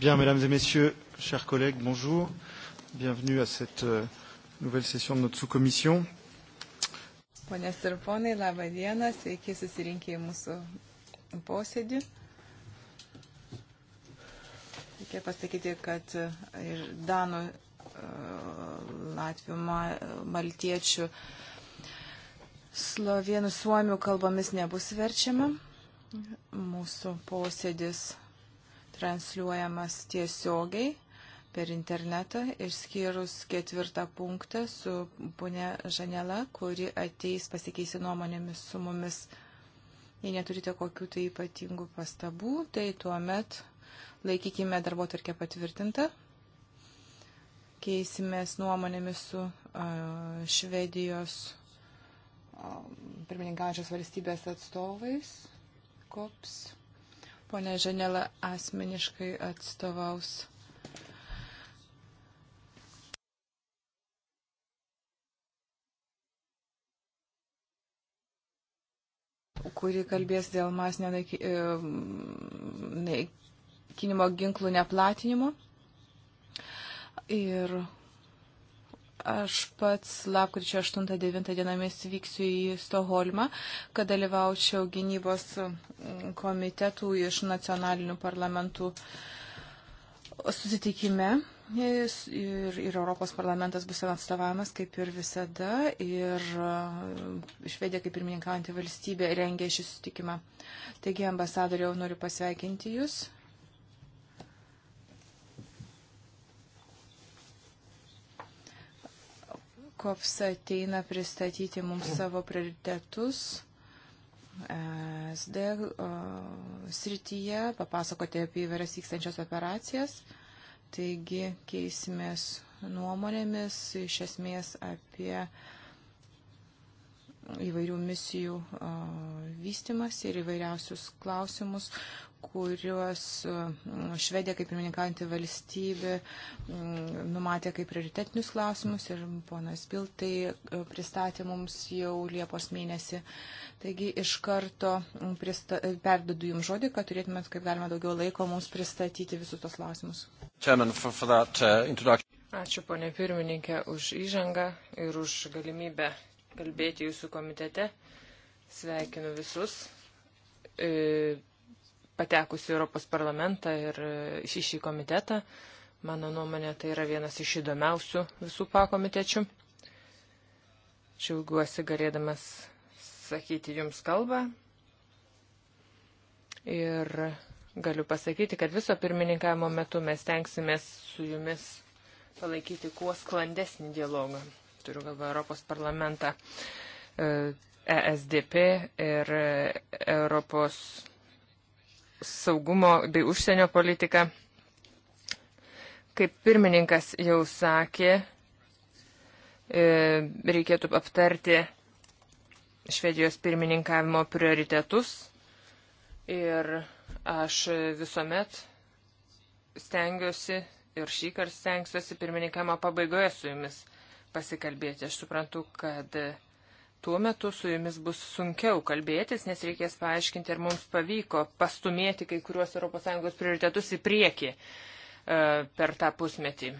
Bien, mesdames et messieurs, chers collègues, bonjour. Bienvenue à cette euh, nouvelle session de notre sous-commission. Ponės ir ponai, laba diena, sveiki susirinkę į mūsų posėdį. Reikia pasakyti, kad e, ir Danų, e, Latvių, Maltiečių, Slovenų, Suomių kalbomis nebus verčiama. Mūsų posėdis transliuojamas tiesiogiai per internetą, išskyrus ketvirtą punktą su ponė Žanela, kuri ateis pasikeisi nuomonėmis su mumis. Jei neturite kokių tai ypatingų pastabų, tai tuomet laikykime darbo tarkę patvirtintą. Keisimės nuomonėmis su uh, Švedijos uh, pirmininkaujančios valstybės atstovais. Kops. Pone Ženela asmeniškai atstovaus. kuri kalbės dėl masinio e, naikinimo ginklų neplatinimo. Ir Aš pats lapkričio 8-9 dienomis vyksiu į Stoholmą, kad dalyvaučiau gynybos mm, komitetų iš nacionalinių parlamentų susitikime. Ir, ir Europos parlamentas bus ten atstovavimas, kaip ir visada. Ir e, Švedija, kaip pirmininkaujantį valstybę, rengia šį susitikimą. Taigi, ambasadoriau, noriu pasveikinti Jūs kops ateina pristatyti mums savo prioritetus e, SD srityje, papasakoti apie įvairias vykstančias operacijas. Taigi keisimės nuomonėmis iš esmės apie įvairių misijų vystimas ir įvairiausius klausimus, kuriuos mm, Švedija kaip pirmininkanti valstybė mm, numatė kaip prioritetinius klausimus ir ponas Biltai e, pristatė mums jau Liepos mėnesį. Taigi iš karto mm, prista, e, perdodu Jums žodį, kad turėtumėt kaip galima daugiau laiko mums pristatyti visus tos klausimus. Chairman, for, for that, uh, Ačiū ponė pirmininkė už įžangą ir už galimybę kalbėti Jūsų komitete. Sveikinu visus e, patekusi Europos parlamentą ir e, šį šį komitetą. Mano nuomonė, tai yra vienas iš įdomiausių visų pakomitečių. Džiaugiuosi galėdamas sakyti jums kalbą. Ir galiu pasakyti, kad viso pirmininkavimo metu mes tenksimės su jumis palaikyti kuo sklandesnį dialogą. Turiu galvą Europos parlamentą, ESDP e ir e, Europos saugumo bei užsienio politiką. Kaip pirmininkas jau sakė, e, reikėtų aptarti Švedijos pirmininkavimo prioritetus ir aš visuomet stengiuosi ir šį kartą stengsiuosi pirmininkavimo pabaigoje su jumis pasikalbėti. Aš suprantu, kad tuo metu su jumis bus sunkiau kalbėtis, nes reikės paaiškinti, ar mums pavyko pastumėti kai kuriuos ES prioritetus į priekį e, per tą pusmetį.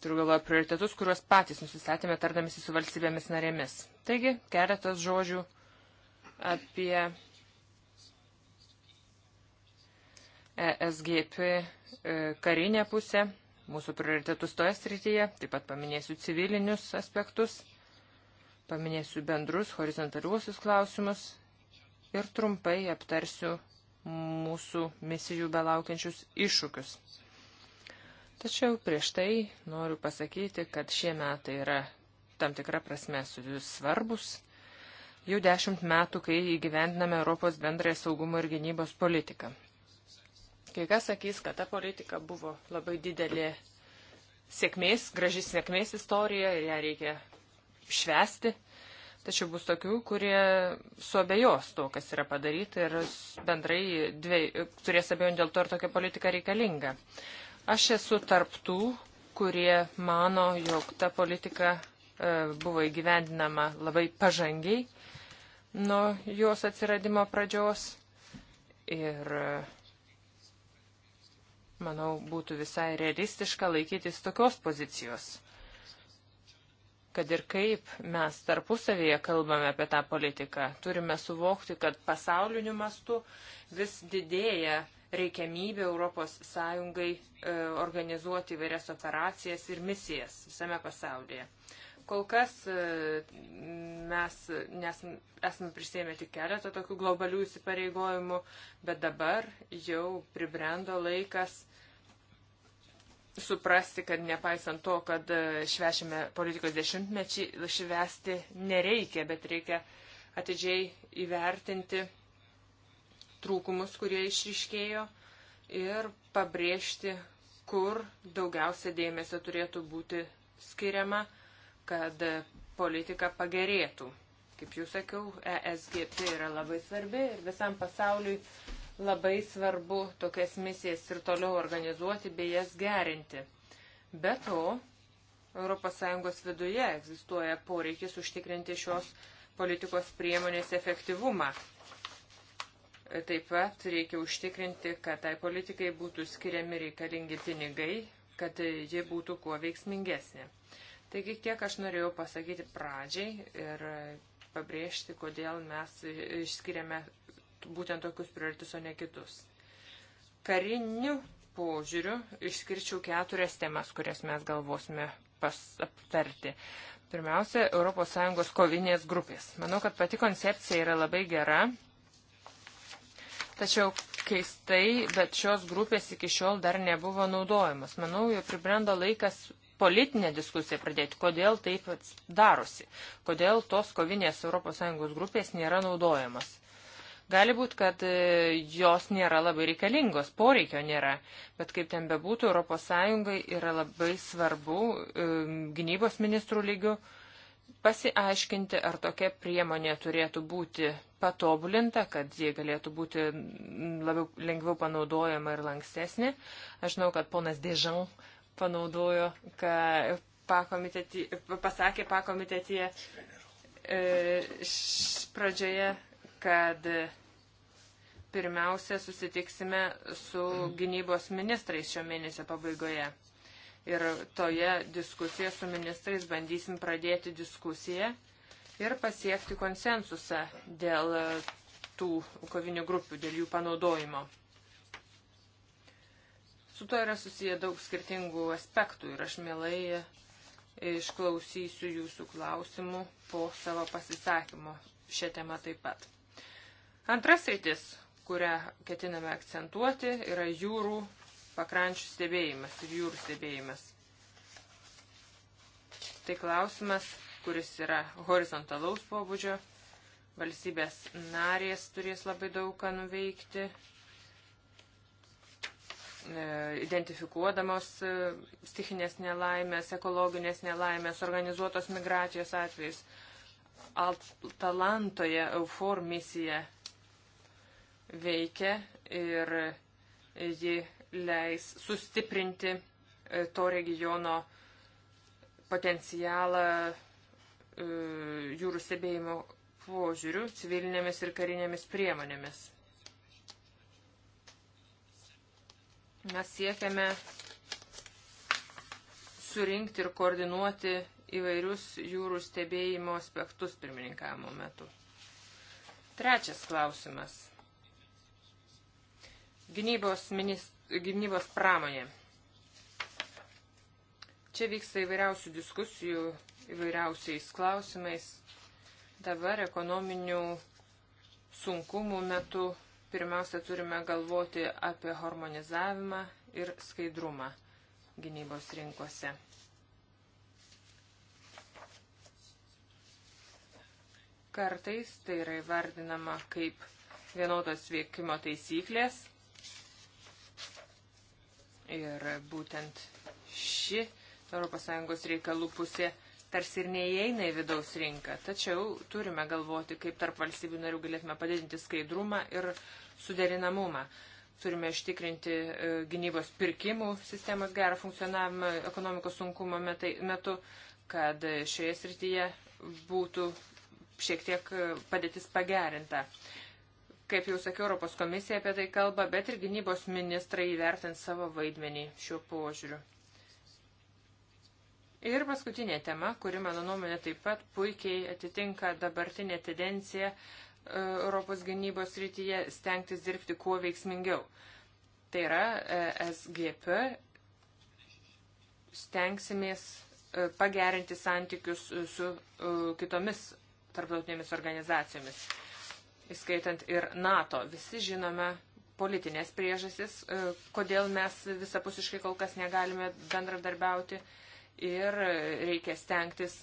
Turiu galvoje prioritetus, kuriuos patys nusistatėme tardamėsi su valstybėmis narėmis. Taigi, keletas žodžių apie ESGP e, karinę pusę, mūsų prioritetus toje srityje, taip pat paminėsiu civilinius aspektus Paminėsiu bendrus horizontaliuosius klausimus ir trumpai aptarsiu mūsų misijų belaukiančius iššūkius. Tačiau prieš tai noriu pasakyti, kad šie metai yra tam tikra prasme svarbus. Jau dešimt metų, kai įgyvendiname Europos bendrąją saugumo ir gynybos politiką. Kai kas sakys, kad ta politika buvo labai didelė sėkmės, graži sėkmės istorija ir ją reikia švesti, tačiau bus tokių, kurie suabejos to, kas yra padaryta ir bendrai dviej, turės abejonių dėl to, ar tokia politika reikalinga. Aš esu tarptų, kurie mano, jog ta politika e, buvo įgyvendinama labai pažangiai nuo jos atsiradimo pradžios ir e, manau būtų visai realistiška laikytis tokios pozicijos kad ir kaip mes tarpusavėje kalbame apie tą politiką, turime suvokti, kad pasauliniu mastu vis didėja reikiamybė ES e, organizuoti vairias operacijas ir misijas visame pasaulyje. Kol kas e, mes nes, esame prisėmę tik keletą tokių globalių įsipareigojimų, bet dabar jau pribrendo laikas suprasti, kad nepaisant to, kad e, švešime politikos dešimtmečiai, švesti nereikia, bet reikia atidžiai įvertinti trūkumus, kurie išriškėjo ir pabrėžti, kur daugiausia dėmesio turėtų būti skiriama, kad politika pagerėtų. Kaip jūs sakiau, ESGP yra labai svarbi ir visam pasauliui Labai svarbu tokias misijas ir toliau organizuoti bei jas gerinti. Be to, ES viduje egzistuoja poreikis užtikrinti šios politikos priemonės efektyvumą. Taip pat reikia užtikrinti, kad tai politikai būtų skiriami reikalingi pinigai, kad ji būtų kuo veiksmingesnė. Taigi, kiek aš norėjau pasakyti pradžiai ir pabrėžti, kodėl mes išskiriame būtent tokius prioritus, o ne kitus. Kariniu požiūriu išskirčiau keturias temas, kurias mes galvosime aptarti. Pirmiausia, ES kovinės grupės. Manau, kad pati koncepcija yra labai gera, tačiau keistai, bet šios grupės iki šiol dar nebuvo naudojamas. Manau, jau pribrendo laikas politinę diskusiją pradėti, kodėl taip darosi, kodėl tos kovinės ES grupės nėra naudojamas. Gali būti, kad e, jos nėra labai reikalingos, poreikio nėra, bet kaip ten bebūtų, ES yra labai svarbu e, gynybos ministrų lygių pasiaiškinti, ar tokia priemonė turėtų būti patobulinta, kad jie galėtų būti labiau, lengviau panaudojama ir lankstesnė. Aš žinau, kad ponas Dežan panaudojo, ką pakomitetį, pasakė pakomitetyje e, š, pradžioje, kad e, pirmiausia susitiksime su gynybos ministrais šio mėnesio pabaigoje. Ir toje diskusijoje su ministrais bandysim pradėti diskusiją ir pasiekti konsensusą dėl tų kovinių grupių, dėl jų panaudojimo. Su to yra susiję daug skirtingų aspektų ir aš mielai išklausysiu jūsų klausimų po savo pasisakymo šią temą taip pat. Antras rytis, kurią ketiname akcentuoti, yra jūrų pakrančių stebėjimas ir jūrų stebėjimas. Tai klausimas, kuris yra horizontalaus pobūdžio. Valstybės narės turės labai daug ką nuveikti, e, identifikuodamos e, stichinės nelaimės, ekologinės nelaimės, organizuotos migracijos atvejais. Altalantoje EUFOR misija veikia ir ji leis sustiprinti e, to regiono potencialą e, jūrų stebėjimo požiūrių civilinėmis ir karinėmis priemonėmis. Mes siekiame surinkti ir koordinuoti įvairius jūrų stebėjimo aspektus pirmininkavimo metu. Trečias klausimas – Gynybos, minist, gynybos pramonė. Čia vyksta įvairiausių diskusijų įvairiausiais klausimais. Dabar ekonominių sunkumų metu pirmiausia turime galvoti apie harmonizavimą ir skaidrumą gynybos rinkose. Kartais tai yra įvardinama kaip vienodos veikimo taisyklės, Ir būtent ši ES reikalų pusė tarsi ir neįeina į vidaus rinką. Tačiau turime galvoti, kaip tarp valstybių narių galėtume padidinti skaidrumą ir suderinamumą. Turime ištikrinti e, gynybos pirkimų sistemos gerą funkcionavimą ekonomikos sunkumo metai, metu, kad šioje srityje būtų šiek tiek e, padėtis pagerinta. Kaip jau sakiau, Europos komisija apie tai kalba, bet ir gynybos ministrai įvertins savo vaidmenį šiuo požiūriu. Ir paskutinė tema, kuri, mano nuomonė, taip pat puikiai atitinka dabartinę tendenciją e, Europos gynybos rytyje stengtis dirbti kuo veiksmingiau. Tai yra e, SGP stengsimės e, pagerinti santykius su kitomis tarptautinėmis organizacijomis įskaitant ir NATO. Visi žinome politinės priežasis, e, kodėl mes visapusiškai kol kas negalime bendradarbiauti ir e, reikia stengtis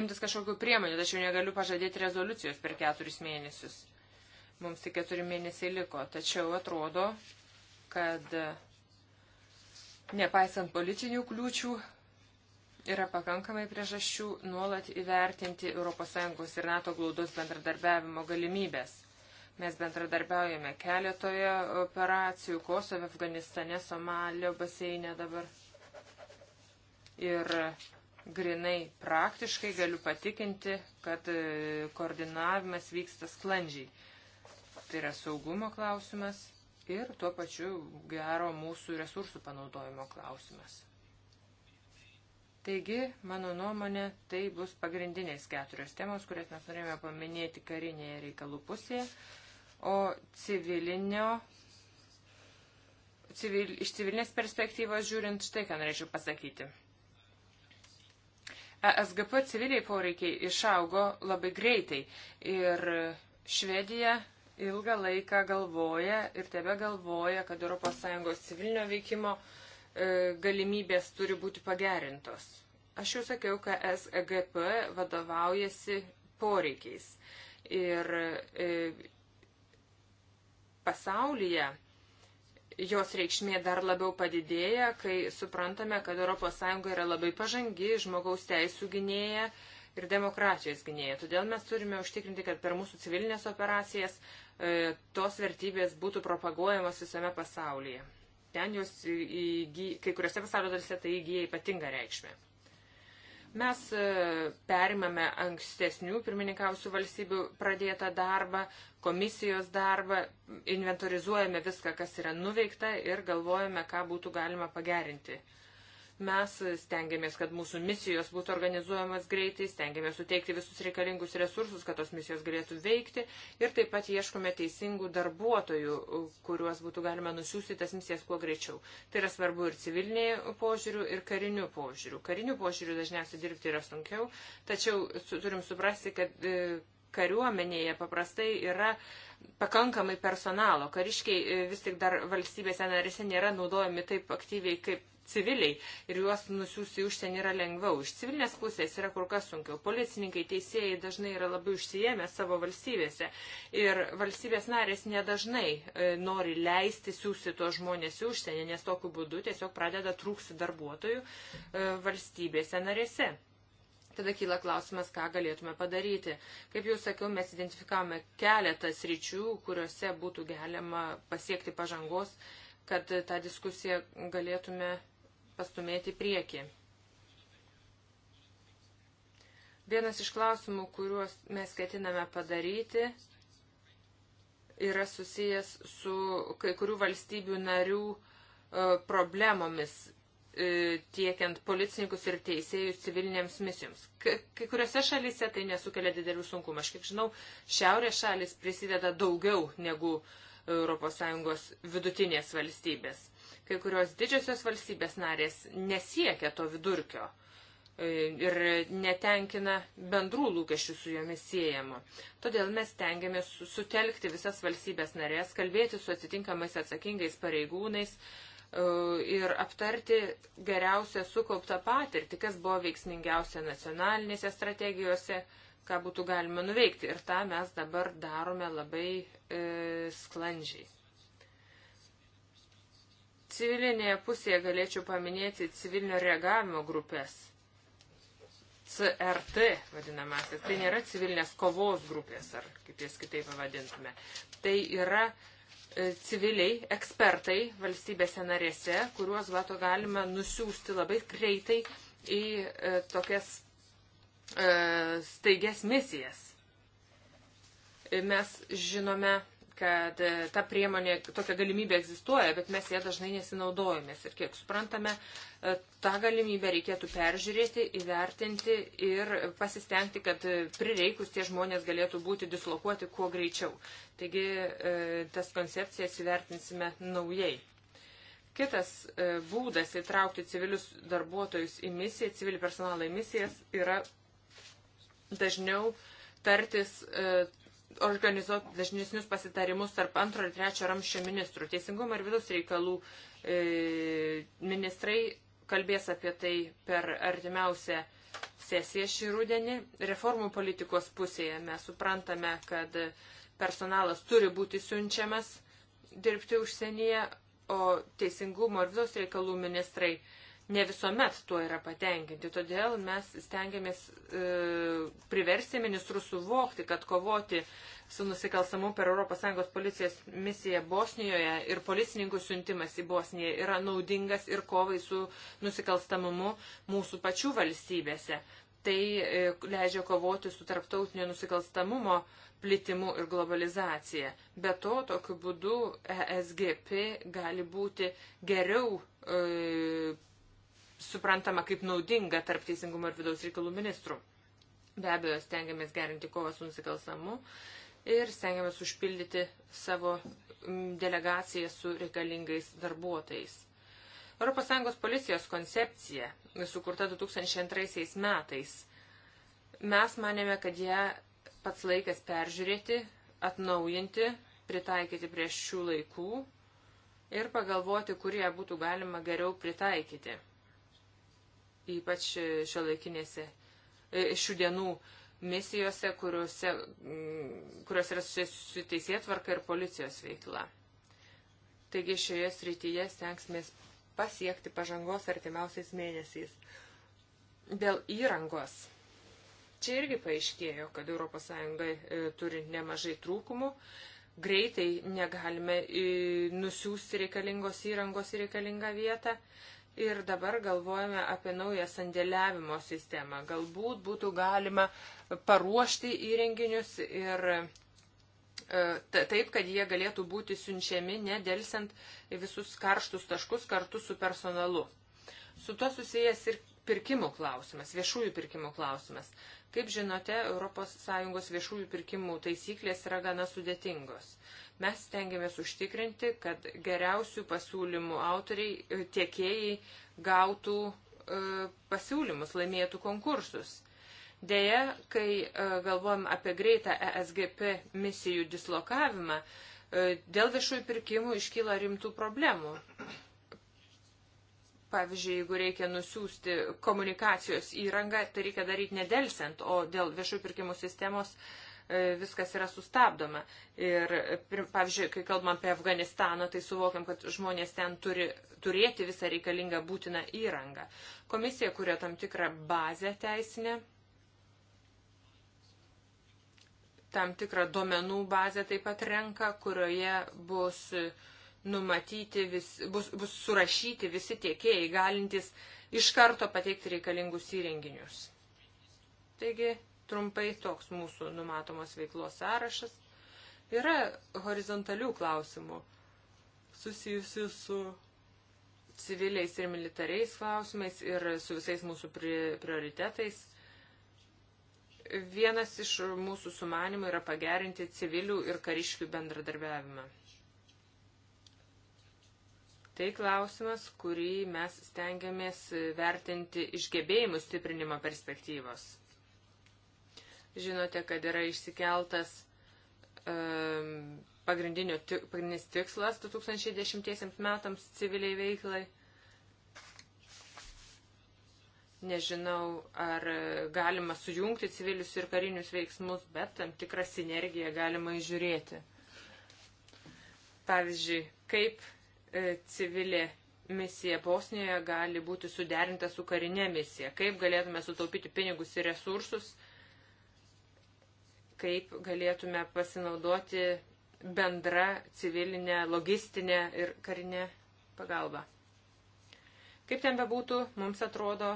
imtis kažkokių priemonių, tačiau negaliu pažadėti rezoliucijos per keturis mėnesius. Mums tik keturi mėnesiai liko, tačiau atrodo, kad nepaisant politinių kliūčių, Yra pakankamai priežasčių nuolat įvertinti ES ir NATO glaudos bendradarbiavimo galimybės. Mes bendradarbiaujame keletoje operacijų Kosove, Afganistane, Somalio baseine dabar. Ir grinai praktiškai galiu patikinti, kad e, koordinavimas vyksta sklandžiai. Tai yra saugumo klausimas ir tuo pačiu gero mūsų resursų panaudojimo klausimas. Taigi, mano nuomonė, tai bus pagrindinės keturios temos, kurias mes norėjome paminėti karinėje reikalų pusėje, o civilinio, civil, iš civilinės perspektyvos žiūrint, štai ką norėčiau pasakyti. ESGP civiliai poreikiai išaugo labai greitai ir Švedija ilgą laiką galvoja ir tebe galvoja, kad ES civilinio veikimo uh, E, galimybės turi būti pagerintos. Aš jau sakiau, kad SGP e vadovaujasi poreikiais. Ir e, pasaulyje jos reikšmė dar labiau padidėja, kai suprantame, kad ES yra labai pažangi, žmogaus teisų gynėja ir demokratijos gynėja. Todėl mes turime užtikrinti, kad per mūsų civilinės operacijas e, tos vertybės būtų propaguojamos visame pasaulyje. Ten jos įgy, kai kuriuose pasaulio dalise tai įgyja ypatingą reikšmę. Mes e, perimame ankstesnių pirmininkausių valstybių pradėtą darbą, komisijos darbą, inventorizuojame viską, kas yra nuveikta ir galvojame, ką būtų galima pagerinti. Mes stengiamės, kad mūsų misijos būtų organizuojamas greitai, stengiamės suteikti visus reikalingus resursus, kad tos misijos galėtų veikti ir taip pat ieškome teisingų darbuotojų, kuriuos būtų galima nusiųsti tas misijas kuo greičiau. Tai yra svarbu ir civiliniai požiūrių, ir karinių požiūrių. Karinių požiūrių dažniausiai dirbti yra sunkiau, tačiau turim suprasti, kad e, kariuomenėje paprastai yra pakankamai personalo. Kariškiai e, vis tik dar valstybėse narėse nėra naudojami taip aktyviai, kaip civiliai ir juos nusiųsti užsienį yra lengviau. Iš civilinės pusės yra kur kas sunkiau. Policininkai, teisėjai dažnai yra labai užsijėmę savo valstybėse ir valstybės narės nedažnai e, nori leisti siūsti tuos žmonės į užsienį, nes tokiu būdu tiesiog pradeda trūksti darbuotojų e, valstybėse narėse. Tada kyla klausimas, ką galėtume padaryti. Kaip jau sakiau, mes identifikavome keletą sričių, kuriuose būtų galima pasiekti pažangos, kad tą diskusiją galėtume pastumėti prieki. Vienas iš klausimų, kuriuos mes ketiname padaryti, yra susijęs su kai kurių valstybių narių e, problemomis e, tiekiant policininkus ir teisėjus civilinėms misijoms. Kai kuriuose šalyse tai nesukelia didelių sunkumų. Aš kiek žinau, šiaurės šalis prisideda daugiau negu ES vidutinės valstybės. Kai kurios didžiosios valstybės narės nesiekia to vidurkio e, ir netenkina bendrų lūkesčių su jomis siejama. Todėl mes tengiamės sutelkti visas valstybės narės, kalbėti su atitinkamais atsakingais pareigūnais, e, ir aptarti geriausią sukauptą patirtį, kas buvo veiksmingiausia nacionalinėse strategijose, ką būtų galima nuveikti. Ir tą mes dabar darome labai e, sklandžiai civilinėje pusėje galėčiau paminėti civilinio reagavimo grupės. CRT vadinamasis. Tai nėra civilinės kovos grupės, ar kaip jas kitaip pavadintume. Tai yra e, civiliai, ekspertai valstybėse narėse, kuriuos vato galima nusiųsti labai greitai į e, tokias e, staigias misijas. E, mes žinome kad e, ta priemonė, tokia galimybė egzistuoja, bet mes ją dažnai nesinaudojomės. Ir kiek suprantame, e, tą galimybę reikėtų peržiūrėti, įvertinti ir pasistengti, kad e, prireikus tie žmonės galėtų būti dislokuoti kuo greičiau. Taigi tas koncepcijas įvertinsime naujai. Kitas būdas įtraukti civilius darbuotojus į misiją, civilių personalą į misijas yra dažniau tartis organizuoti dažnesnius pasitarimus tarp antro ir trečio ramščio ministrų. Teisingumo ir vidaus reikalų e, ministrai kalbės apie tai per artimiausią sesiją šį rudenį. Reformų politikos pusėje mes suprantame, kad personalas turi būti siunčiamas dirbti užsienyje, o teisingumo ir vidaus reikalų ministrai ne visuomet tuo yra patenkinti. Todėl mes stengiamės e, priversti ministrus suvokti, kad kovoti su nusikalstamu per ES policijos misiją Bosnijoje ir policininkų siuntimas į Bosniją yra naudingas ir kovai su nusikalstamumu mūsų pačių valstybėse. Tai e, leidžia kovoti su tarptautinio nusikalstamumo plitimu ir globalizacija. Be to, tokiu būdu ESGP gali būti geriau e, suprantama kaip naudinga tarp teisingumo ir vidaus reikalų ministrų. Be abejo, stengiamės gerinti kovą su nusikalstamu ir stengiamės užpildyti savo mm, delegaciją su reikalingais darbuotojais. ES policijos koncepcija, sukurta 2002 metais, mes manėme, kad ją pats laikas peržiūrėti, atnaujinti, pritaikyti prie šių laikų ir pagalvoti, kurie būtų galima geriau pritaikyti ypač šio laikinėse e, šių dienų misijose, kuriuose, mm, kurios yra susijęs su teisėtvarka ir policijos veikla. Taigi šioje srityje stengsimės pasiekti pažangos artimiausiais mėnesiais. Dėl įrangos. Čia irgi paaiškėjo, kad ES e, turi nemažai trūkumų. Greitai negalime e, nusiųsti reikalingos įrangos į reikalingą vietą ir dabar galvojame apie naują sandėliavimo sistemą. Galbūt būtų galima paruošti įrenginius ir e, taip, kad jie galėtų būti siunčiami nedelsiant į visus karštus taškus kartu su personalu. Su to susijęs ir pirkimų klausimas, viešųjų pirkimų klausimas. Kaip žinote, ES viešųjų pirkimų taisyklės yra gana sudėtingos. Mes stengiamės užtikrinti, kad geriausių pasiūlymų autoriai, e, tiekėjai gautų e, pasiūlymus, laimėtų konkursus. Deja, kai e, galvojam apie greitą ESGP misijų dislokavimą, dėl viešųjų pirkimų iškyla rimtų problemų. Pavyzdžiui, jeigu reikia nusiųsti komunikacijos įrangą, tai reikia daryti nedelsiant, o dėl viešųjų pirkimų sistemos uh, E, viskas yra sustabdoma. Ir, pavyzdžiui, kai kalbam apie Afganistaną, tai suvokiam, kad žmonės ten turi turėti visą reikalingą būtiną įrangą. Komisija kuria tam tikrą bazę teisinę, tam tikrą duomenų bazę taip pat renka, kurioje bus numatyti, vis, bus, bus surašyti visi tiekėjai, galintys iš karto pateikti reikalingus įrenginius. Taigi Trumpai toks mūsų numatomos veiklos sąrašas. Yra horizontalių klausimų susijusių su civiliais ir militariais klausimais ir su visais mūsų prioritetais. Vienas iš mūsų sumanimų yra pagerinti civilių ir kariškių bendradarbiavimą. Tai klausimas, kurį mes stengiamės vertinti iš gebėjimų stiprinimo perspektyvos. Žinote, kad yra išsikeltas um, pagrindinis tikslas 2010 metams civiliai veiklai. Nežinau, ar galima sujungti civilius ir karinius veiksmus, bet tam tikrą sinergiją galima įžiūrėti. Pavyzdžiui, kaip e, civilė misija Bosnijoje gali būti suderinta su karinė misija, kaip galėtume sutaupyti pinigus ir resursus kaip galėtume pasinaudoti bendra civilinė, logistinė ir karinė pagalba. Kaip ten bebūtų, mums atrodo,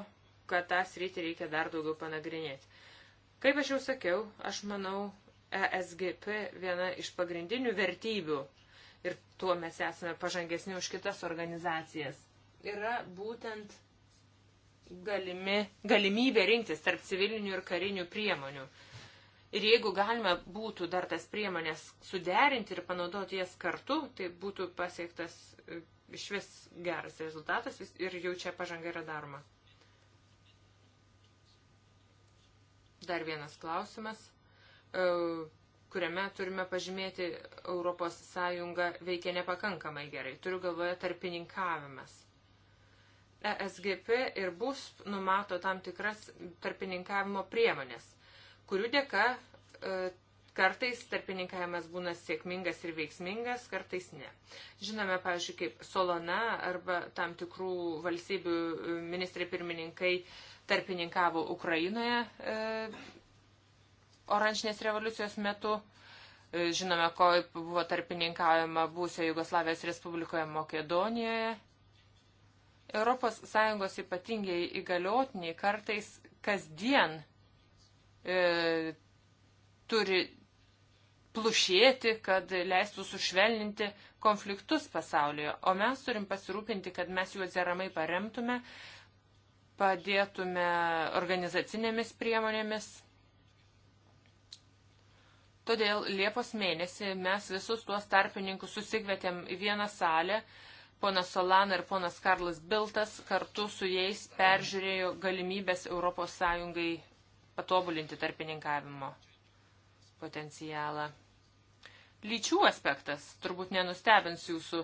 kad tą sritį reikia dar daugiau panagrinėti. Kaip aš jau sakiau, aš manau, ESGP viena iš pagrindinių vertybių ir tuo mes esame pažangesni už kitas organizacijas. Yra būtent galimi, galimybė rinktis tarp civilinių ir karinių priemonių. Ir jeigu galime būtų dar tas priemonės suderinti ir panaudoti jas kartu, tai būtų pasiektas e, iš vis geras rezultatas ir jau čia pažanga yra daroma. Dar vienas klausimas, e, kuriame turime pažymėti Europos Sąjunga veikia nepakankamai gerai. Turiu galvoje tarpininkavimas. ESGP ir BUS numato tam tikras tarpininkavimo priemonės – kurių dėka e, kartais tarpininkavimas būna sėkmingas ir veiksmingas, kartais ne. Žinome, pavyzdžiui, kaip Solona arba tam tikrų valstybių e, ministrai pirmininkai tarpininkavo Ukrainoje e, oranžinės revoliucijos metu. Žinome, ko buvo tarpininkaujama būsio Jugoslavijos Respublikoje Makedonijoje. ES ypatingiai įgaliotiniai kartais kasdien e, turi plušėti, kad leistų sušvelninti konfliktus pasaulyje. O mes turim pasirūpinti, kad mes juos deramai paremtume, padėtume organizacinėmis priemonėmis. Todėl Liepos mėnesį mes visus tuos tarpininkus susigvetėm į vieną salę. Ponas Solana ir ponas Karlas Biltas kartu su jais peržiūrėjo galimybės ES patobulinti tarpininkavimo potencialą. Lyčių aspektas turbūt nenustebins jūsų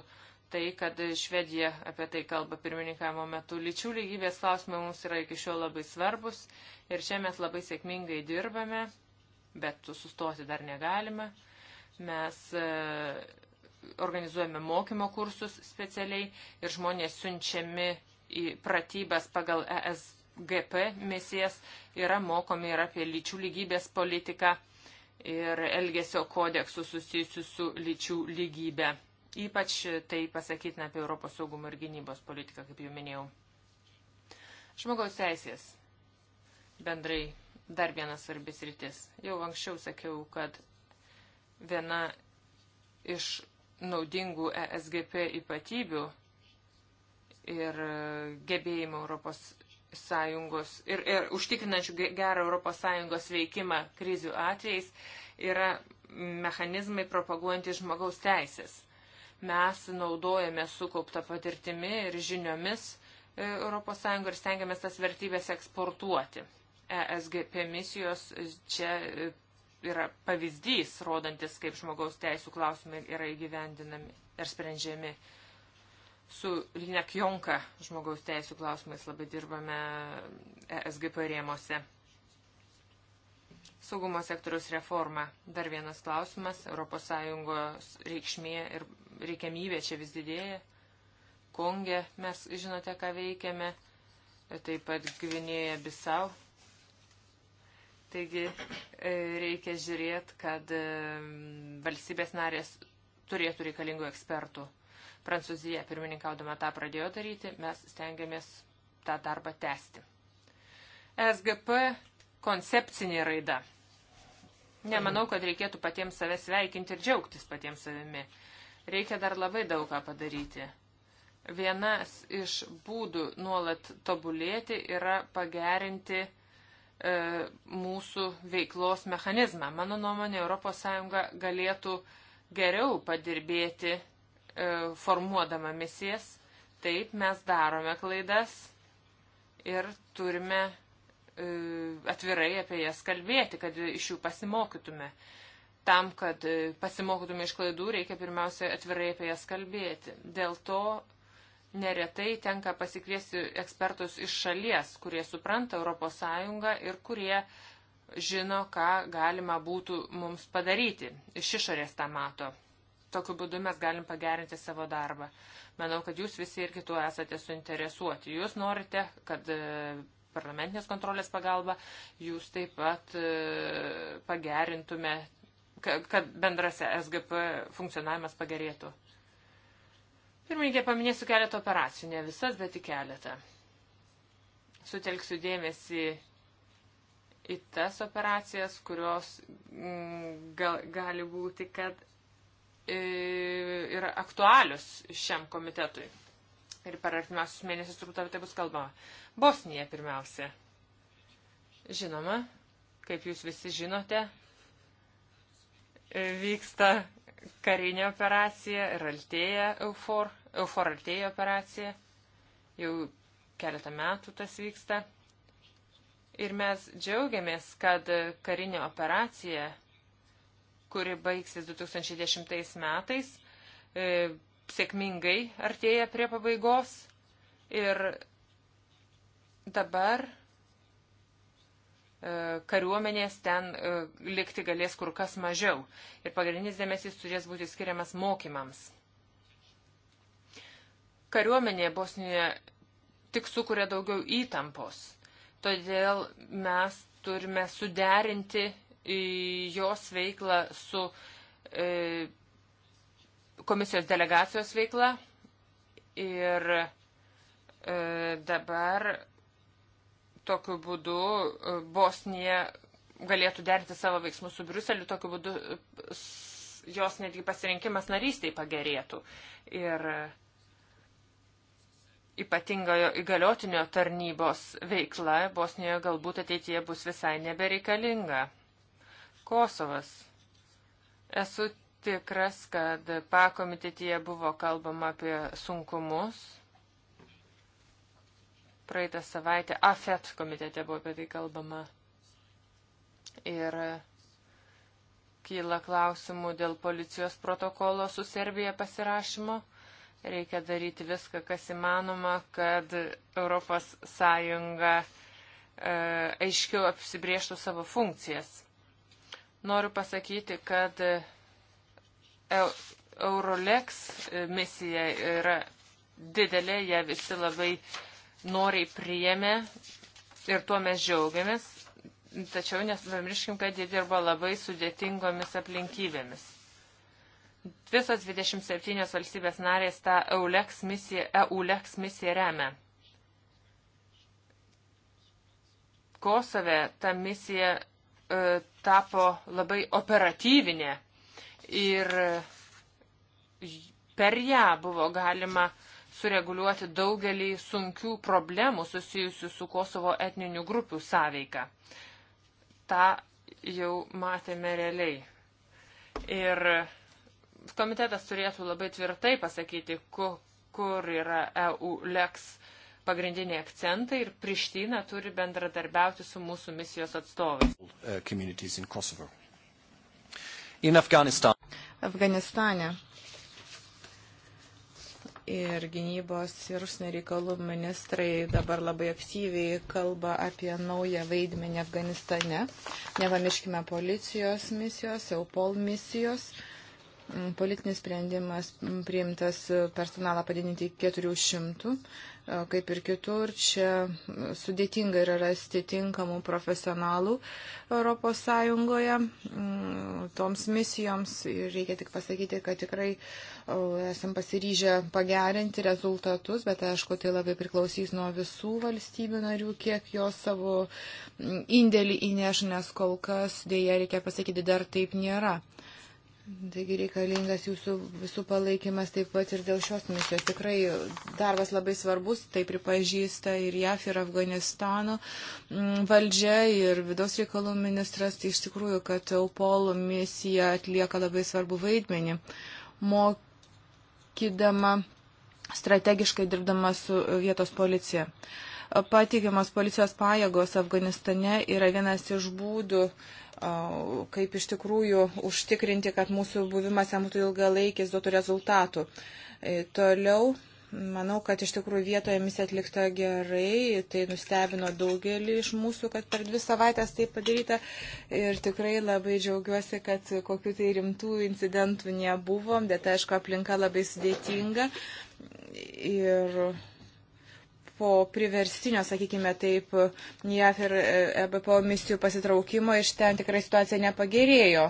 tai, kad Švedija apie tai kalba pirmininkavimo metu. Lyčių lygybės klausimai mums yra iki šiol labai svarbus ir čia mes labai sėkmingai dirbame, bet sustoti dar negalime. Mes e, organizuojame mokymo kursus specialiai ir žmonės siunčiami į pratybas pagal ES GP misijas yra mokomi ir apie lyčių lygybės politiką ir elgesio kodeksų susijusių su lyčių lygybė. Ypač tai pasakytina apie Europos saugumo ir gynybos politiką, kaip jau minėjau. Žmogaus teisės. Bendrai dar vienas svarbis rytis. Jau anksčiau sakiau, kad viena iš naudingų ESGP ypatybių ir gebėjimų Europos sąjungos ir, ir užtikrinančių gerą Europos sąjungos veikimą krizių atvejais yra mechanizmai propaguojantys žmogaus teisės. Mes naudojame sukauptą patirtimi ir žiniomis ES ir stengiamės tas vertybės eksportuoti. ESGP misijos čia e, yra pavyzdys, rodantis, kaip žmogaus teisų klausimai yra įgyvendinami ir sprendžiami. Su Lina Kjonka žmogaus teisų klausimais labai dirbame ESGP rėmose. Saugumo sektoriaus reforma. Dar vienas klausimas. ES reikšmė ir reikiamybė čia vis didėja. Konge mes žinote, ką veikiame. Taip pat Gvinėje Bisau. Taigi e, reikia žiūrėti, kad e, valstybės narės turėtų reikalingų ekspertų. Prancūzija pirmininkaudama tą pradėjo daryti, mes stengiamės tą darbą tęsti. SGP koncepcinė raida. Nemanau, kad reikėtų patiems save sveikinti ir džiaugtis patiems savimi. Reikia dar labai daug ką padaryti. Vienas iš būdų nuolat tobulėti yra pagerinti e, mūsų veiklos mechanizmą. Mano nuomonė, ES galėtų geriau padirbėti E, formuodama misijas. Taip, mes darome klaidas ir turime e, atvirai apie jas kalbėti, kad iš jų pasimokytume. Tam, kad e, pasimokytume iš klaidų, reikia pirmiausia atvirai apie jas kalbėti. Dėl to neretai tenka pasikviesti ekspertus iš šalies, kurie supranta ES ir kurie žino, ką galima būtų mums padaryti. Iš išorės tą mato. Tokiu būdu mes galim pagerinti savo darbą. Manau, kad jūs visi ir kitų esate suinteresuoti. Jūs norite, kad e, parlamentinės kontrolės pagalba jūs taip pat e, pagerintume, kad bendras SGP funkcionavimas pagerėtų. Pirmininkė, paminėsiu keletą operacijų, ne visas, bet tik keletą. Sutelksiu dėmesį į tas operacijas, kurios mm, gal, gali būti, kad E, yra aktualios šiam komitetui. Ir per artimiausius mėnesius turbūt apie tai bus kalbama. Bosnija pirmiausia. Žinoma, kaip jūs visi žinote, vyksta karinė operacija ir altėja Eufor, Eufor altėja operacija. Jau keletą metų tas vyksta. Ir mes džiaugiamės, kad karinė operacija kuri baigsis 2010 metais, e, sėkmingai artėja prie pabaigos ir dabar e, kariuomenės ten e, likti galės kur kas mažiau ir pagrindinis dėmesys turės būti skiriamas mokymams. Kariuomenė Bosnijoje tik sukuria daugiau įtampos, todėl mes turime suderinti jos veiklą su e, komisijos delegacijos veikla. Ir e, dabar tokiu būdu e, Bosnija galėtų derinti savo veiksmus su Briuseliu, tokiu būdu e, jos netgi pasirinkimas narystiai pagerėtų. Ir ypatingojo įgaliotinio tarnybos veikla Bosnijoje galbūt ateityje bus visai nebereikalinga. Kosovas. Esu tikras, kad pakomitetyje buvo kalbama apie sunkumus. Praeitą savaitę AFET komitete buvo apie tai kalbama. Ir kyla klausimų dėl policijos protokolo su Serbija pasirašymo. Reikia daryti viską, kas įmanoma, kad ES e, aiškiau apsibrieštų savo funkcijas. Noriu pasakyti, kad e, Eurolex e, misija yra didelė, ją visi labai noriai priėmė ir tuo mes džiaugiamės, tačiau nepamirškim, kad jie dirba labai sudėtingomis aplinkybėmis. Visos 27 valstybės narės tą EULEX misiją, EULEX misiją remia. Kosove ta misija E, tapo labai operatyvinė ir per ją buvo galima sureguliuoti daugelį sunkių problemų susijusių su Kosovo etninių grupių sąveika. Ta jau matėme realiai. Ir komitetas turėtų labai tvirtai pasakyti, kur yra EU leks pagrindiniai akcentai ir Priština turi bendradarbiauti su mūsų misijos atstovais. Uh, in Afghanistan. Afganistane ir gynybos ir užsienio reikalų ministrai dabar labai aktyviai kalba apie naują vaidmenį Afganistane. Nepamirškime policijos misijos, EUPOL misijos. Uh, Politinis sprendimas priimtas personalą padidinti 400, e, kaip ir kitur. Čia sudėtinga yra rasti tinkamų profesionalų ES mm, toms misijoms. Ir reikia tik pasakyti, kad tikrai e, esam pasiryžę pagerinti rezultatus, bet aišku, tai labai priklausys nuo visų valstybių narių, kiek jos savo mm, indėlį įneš, nes kol kas dėja reikia pasakyti, dar taip nėra. Taigi reikalingas jūsų visų palaikymas taip pat ir dėl šios misijos. Tikrai darbas labai svarbus, tai pripažįsta ir JAF, ir Afganistano mm, valdžia, ir vidaus reikalų ministras. Tai iš tikrųjų, kad EUPOL misija atlieka labai svarbu vaidmenį, mokydama strategiškai dirbdama su vietos policija. Patikimas policijos pajėgos Afganistane yra vienas iš būdų kaip iš tikrųjų užtikrinti, kad mūsų buvimas jam būtų ilgalaikis, duotų rezultatų. E, toliau, manau, kad iš tikrųjų vietoje misija atlikta gerai, tai nustebino daugelį iš mūsų, kad per dvi savaitės tai padaryta ir tikrai labai džiaugiuosi, kad kokiu tai rimtų incidentų nebuvom, bet aišku, aplinka labai sudėtinga. Ir po priverstinio, sakykime taip, JAF ir EBPO e misijų pasitraukimo iš ten tikrai situacija nepagerėjo,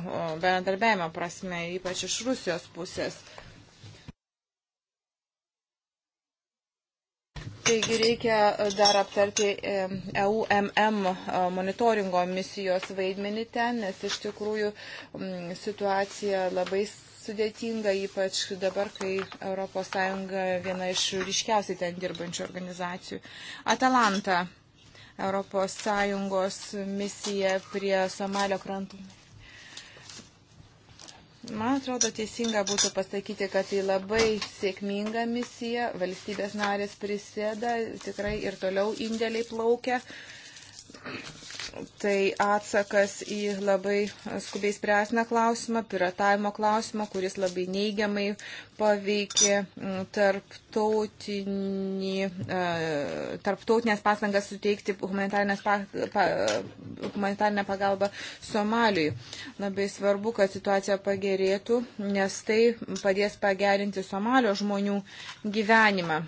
bendarbiavimo prasme, ypač iš Rusijos pusės. Taigi reikia e, dar aptarti EUMM e monitoringo misijos vaidmenį ten, nes iš tikrųjų situacija labai sudėtinga, ypač dabar, kai ES viena iš ryškiausiai ten dirbančių organizacijų. Atalanta, ES misija prie Somalio krantų. Man atrodo, teisinga būtų pasakyti, kad tai labai sėkminga misija, valstybės narės prisėda, tikrai ir toliau indėliai plaukia. Uh, tai atsakas į labai skubiai spręsną klausimą, piratavimo klausimą, kuris labai neigiamai paveikė mm, e, tarptautinės pastangas suteikti humanitarinę pagalbą Somaliui. Labai svarbu, kad situacija pagerėtų, nes tai padės pagerinti Somalio žmonių gyvenimą.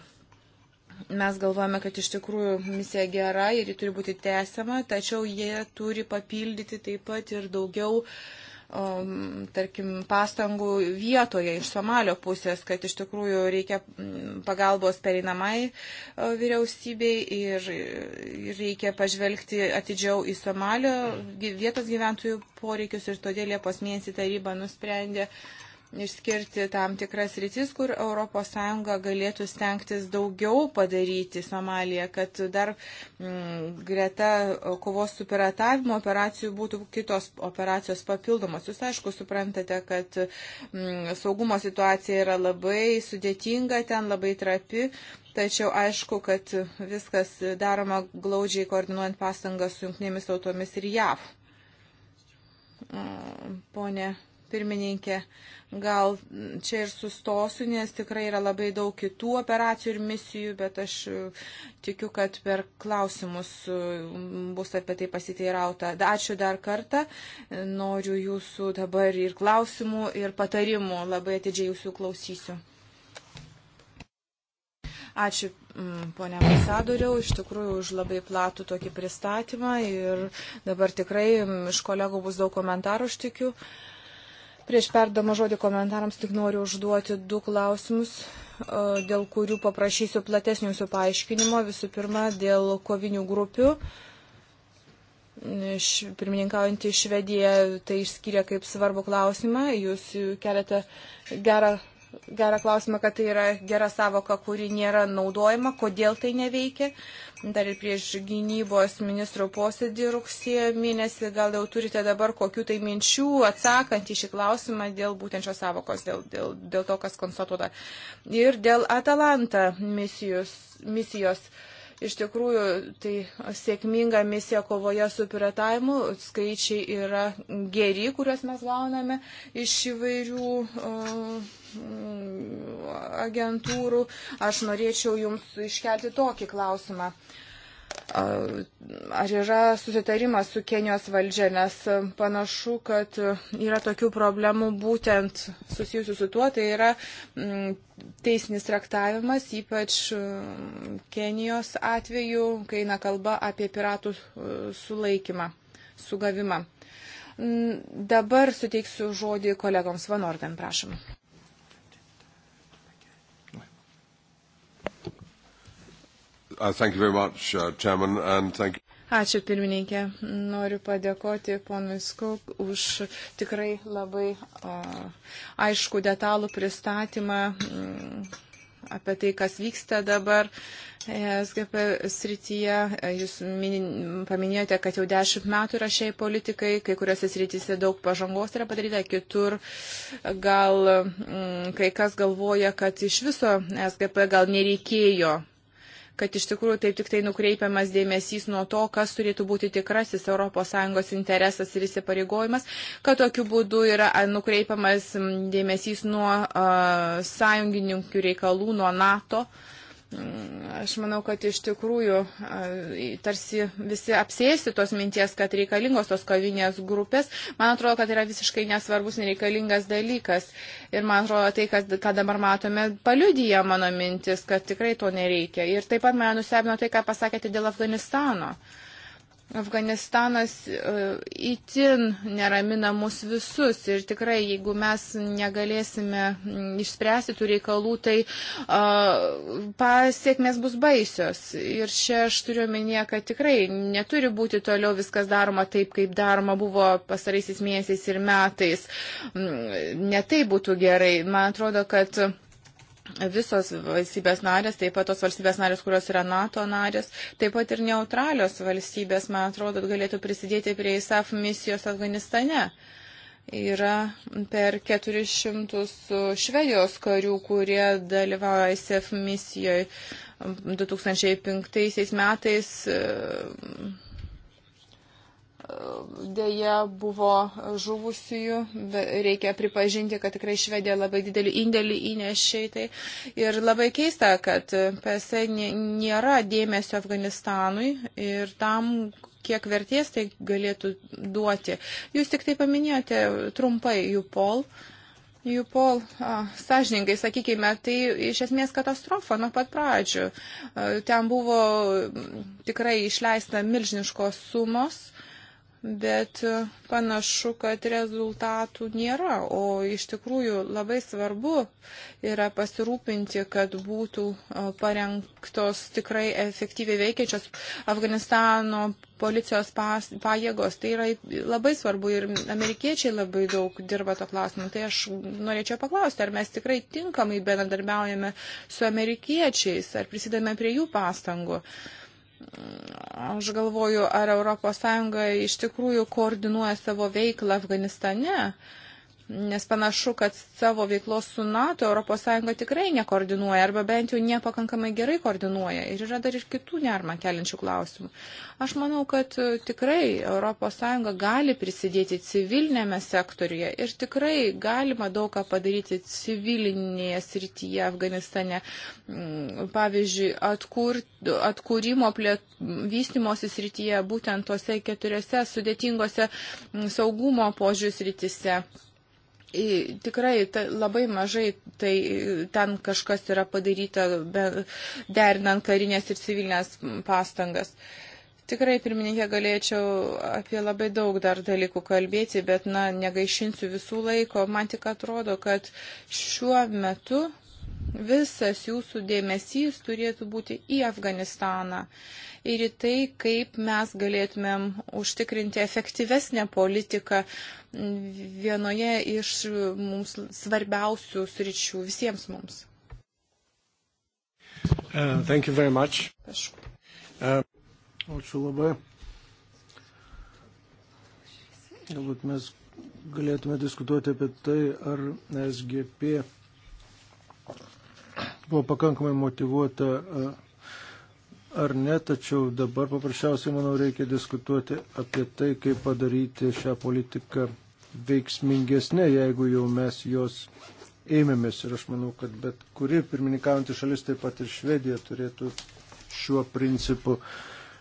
Mes galvojame, kad iš tikrųjų misija gera ir ji turi būti tęsiama, tačiau jie turi papildyti taip pat ir daugiau um, tarkim, pastangų vietoje iš Somalio pusės, kad iš tikrųjų reikia mm, pagalbos pereinamai vyriausybei ir reikia pažvelgti atidžiau į Somalio vietos gyventojų poreikius ir todėl Liepos mėnesį taryba nusprendė uh, išskirti tam tikras rytis, kur ES galėtų stengtis daugiau padaryti Somalija, kad dar mm, greta kovos su piratavimo operacijų būtų kitos operacijos papildomos. Jūs aišku suprantate, kad mm, saugumo situacija yra labai sudėtinga, ten labai trapi. Tačiau aišku, kad viskas daroma glaudžiai koordinuojant pastangas su jungtinėmis tautomis ir JAV. Mm, pone pirmininkė. Gal čia ir sustosiu, nes tikrai yra labai daug kitų operacijų ir misijų, bet aš uh, tikiu, kad per klausimus uh, bus apie tai pasiteirauta. Ačiū dar kartą. Noriu jūsų dabar ir klausimų, ir patarimų. Labai atidžiai jūsų klausysiu. Ačiū, mm, ponė ambasadoriau, iš tikrųjų už labai platų tokį pristatymą ir dabar tikrai mm, iš kolegų bus daug komentarų, aš tikiu. Uh, Prieš perdama žodį komentarams tik noriu užduoti du klausimus, e, dėl kurių paprašysiu platesnių jūsų paaiškinimo. Visų pirma, dėl kovinių grupių. Pirmininkaujantį Švediją tai išskyrė kaip svarbu klausimą. Jūs keliate gerą gerą klausimą, kad tai yra gera savoka, kuri nėra naudojama, kodėl tai neveikia. Dar ir prieš gynybos ministro posėdį rugsėjo mėnesį gal jau turite dabar kokių tai minčių atsakant į šį klausimą dėl būtent šios savokos, dėl, dėl, dėl to, kas konstatuota. Ir dėl Atalanta misijos. misijos uh, Iš tikrųjų, tai sėkminga misija kovoje su piratavimu. Skaičiai yra geri, kuriuos mes gauname iš įvairių uh, agentūrų. Aš norėčiau Jums iškelti tokį klausimą. Uh, Ar yra susitarimas su Kenijos valdžia, nes e, panašu, kad e, yra tokių problemų būtent susijusių su tuo, tai yra teisinis traktavimas, ypač e, Kenijos atveju, kai eina kalba apie piratų sulaikymą, sugavimą. Dabar suteiksiu žodį kolegoms Van Orden, prašom. Uh, uh, Ačiū pirmininkė. Noriu padėkoti ponui Skok už tikrai labai o, uh, aišku detalų pristatymą m, mm, apie tai, kas vyksta dabar. SGP srityje. Jūs paminėjote, kad jau dešimt metų yra šiai politikai, kai kuriuose srityse daug pažangos yra padaryta, kitur gal mm, kai kas galvoja, kad iš viso SGP gal nereikėjo kad iš tikrųjų taip tik tai nukreipiamas dėmesys nuo to, kas turėtų būti tikrasis ES interesas ir įsipareigojimas, kad tokiu būdu yra nukreipiamas dėmesys nuo uh, sąjungininkų reikalų, nuo NATO. Uh, Aš manau, kad iš tikrųjų tarsi visi apsėsti tos minties, kad reikalingos tos kovinės grupės, man atrodo, kad yra visiškai nesvarbus, nereikalingas dalykas. Ir man atrodo, tai, kas, ką dabar matome, paliudyja mano mintis, kad tikrai to nereikia. Ir taip pat mane nustebino tai, ką pasakėte dėl Afganistano. Uh, Afganistanas įtin e, neramina mus visus ir tikrai, jeigu mes negalėsime išspręsti tų reikalų, tai uh, pasiekmes bus baisios. Ir čia aš turiu omenyje, kad tikrai neturi būti toliau viskas daroma taip, kaip daroma buvo pasaraisiais mėnesiais ir metais. Mm, ne tai būtų gerai. Man atrodo, kad visos valstybės narės, taip pat tos valstybės narės, kurios yra NATO narės, taip pat ir neutralios valstybės, man atrodo, galėtų prisidėti prie ISAF misijos Afganistane. Yra per 400 švedijos karių, kurie dalyvauja ISAF misijoje 2005 metais dėja buvo žuvusiųjų, reikia pripažinti, kad tikrai Švedija labai didelį indėlį įnešė į tai. Ir labai keista, kad PSA e nėra dėmesio Afganistanui ir tam, kiek vertės tai galėtų duoti. Jūs tik tai paminėjote trumpai Jupol. Jupol, sąžininkai, sakykime, tai iš esmės katastrofa nuo pat pradžių. Ten buvo tikrai išleista milžiniškos sumos bet panašu, kad rezultatų nėra. O iš tikrųjų labai svarbu yra pasirūpinti, kad būtų parengtos tikrai efektyviai veikiančios Afganistano policijos pas, pajėgos. Tai yra labai svarbu ir amerikiečiai labai daug dirba to klausimu. Tai aš norėčiau paklausti, ar mes tikrai tinkamai bendradarbiaujame su amerikiečiais, ar prisidame prie jų pastangų. Uh, Aš galvoju, ar ES iš tikrųjų koordinuoja savo veiklą Afganistane. Uh, nes panašu, kad savo veiklos su NATO ES tikrai nekoordinuoja arba bent jau nepakankamai gerai koordinuoja. Ir yra dar ir kitų nerma keliančių klausimų. Aš manau, kad e, tikrai ES gali prisidėti civilinėme sektoriuje ir tikrai galima daug ką padaryti civilinėje srityje Afganistane. Mm, pavyzdžiui, atkur, atkūrimo plėt, vystimosi srityje būtent tose keturiose sudėtingose mm, saugumo požiūrės rytise. Tikrai ta, labai mažai tai ten kažkas yra padaryta, be, derinant karinės ir civilinės pastangas. Tikrai, pirmininkė, galėčiau apie labai daug dar dalykų kalbėti, bet, na, negaišinsiu visų laiko. Man tik atrodo, kad šiuo metu visas jūsų dėmesys turėtų būti į Afganistaną ir į tai, kaip mes galėtumėm užtikrinti efektyvesnę politiką vienoje iš mums svarbiausių sričių visiems mums. Uh, uh, Ačiū labai. Galbūt mes galėtume diskutuoti apie tai, ar SGP buvo pakankamai motivuota ar ne, tačiau dabar paprasčiausiai, manau, reikia diskutuoti apie tai, kaip padaryti šią politiką veiksmingesnė, jeigu jau mes jos ėmėmės. Ir aš manau, kad bet kuri pirmininkaujantį šalis, taip pat ir Švedija, turėtų šiuo principu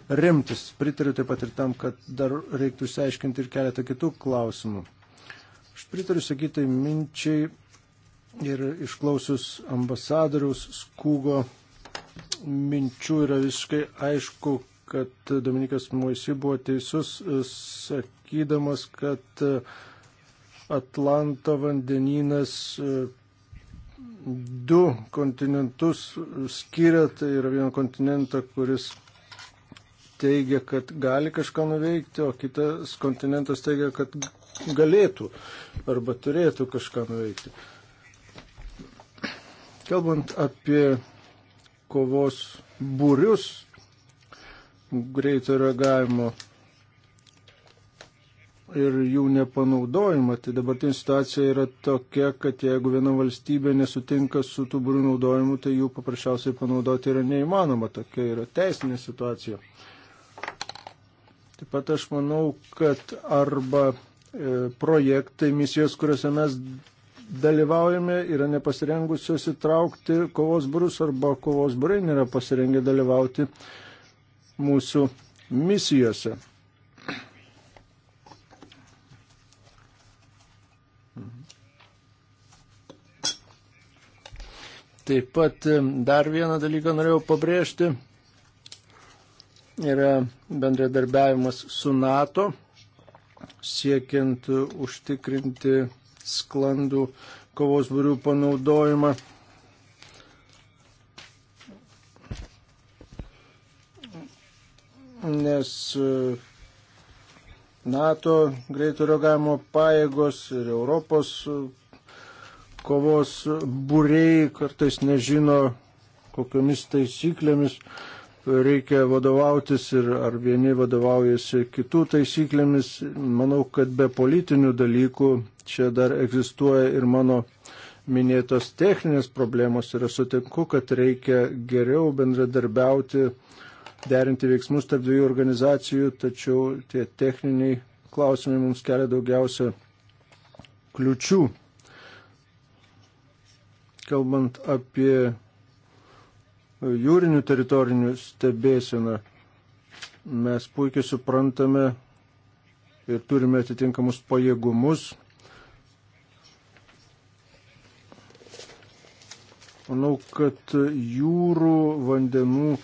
remtis. Pritariu taip pat ir tam, kad dar reiktų išsiaiškinti ir keletą kitų klausimų. Aš pritariu sakytai minčiai ir išklausius ambasadoriaus skūgo minčių yra visiškai aišku, kad Dominikas Moisi buvo teisus, sakydamas, kad Atlanto vandenynas du kontinentus skiria, tai yra vieno kontinento, kuris teigia, kad gali kažką nuveikti, o kitas kontinentas teigia, kad galėtų arba turėtų kažką nuveikti. Kalbant apie kovos būrius greito reagavimo ir jų nepanaudojimą. Tai dabartinė situacija yra tokia, kad jeigu viena valstybė nesutinka su tų būrių naudojimu, tai jų paprasčiausiai panaudoti yra neįmanoma. Tokia yra teisinė situacija. Taip pat aš manau, kad arba e, projektai, misijos, kuriuose mes dalyvaujame, yra nepasirengusios įtraukti kovos brus arba kovos burai nėra pasirengę dalyvauti mūsų misijose. Taip pat dar vieną dalyką norėjau pabrėžti. Yra bendradarbiavimas su NATO, siekiant užtikrinti sklandų kovos būrių panaudojimą. Nes e, NATO greito reagavimo pajėgos ir Europos e, kovos būriai kartais nežino, kokiomis taisyklėmis reikia vadovautis ir ar vieni vadovaujasi kitų taisyklėmis. Manau, kad be politinių dalykų čia dar egzistuoja ir mano minėtos techninės problemos ir aš sutinku, kad reikia geriau bendradarbiauti, derinti veiksmus tarp dviejų organizacijų, tačiau tie techniniai klausimai mums kelia daugiausia kliučių. Kalbant apie jūrinių teritorinių stebėseną. Mes puikiai suprantame ir turime atitinkamus pajėgumus. Manau, kad jūrų vandenų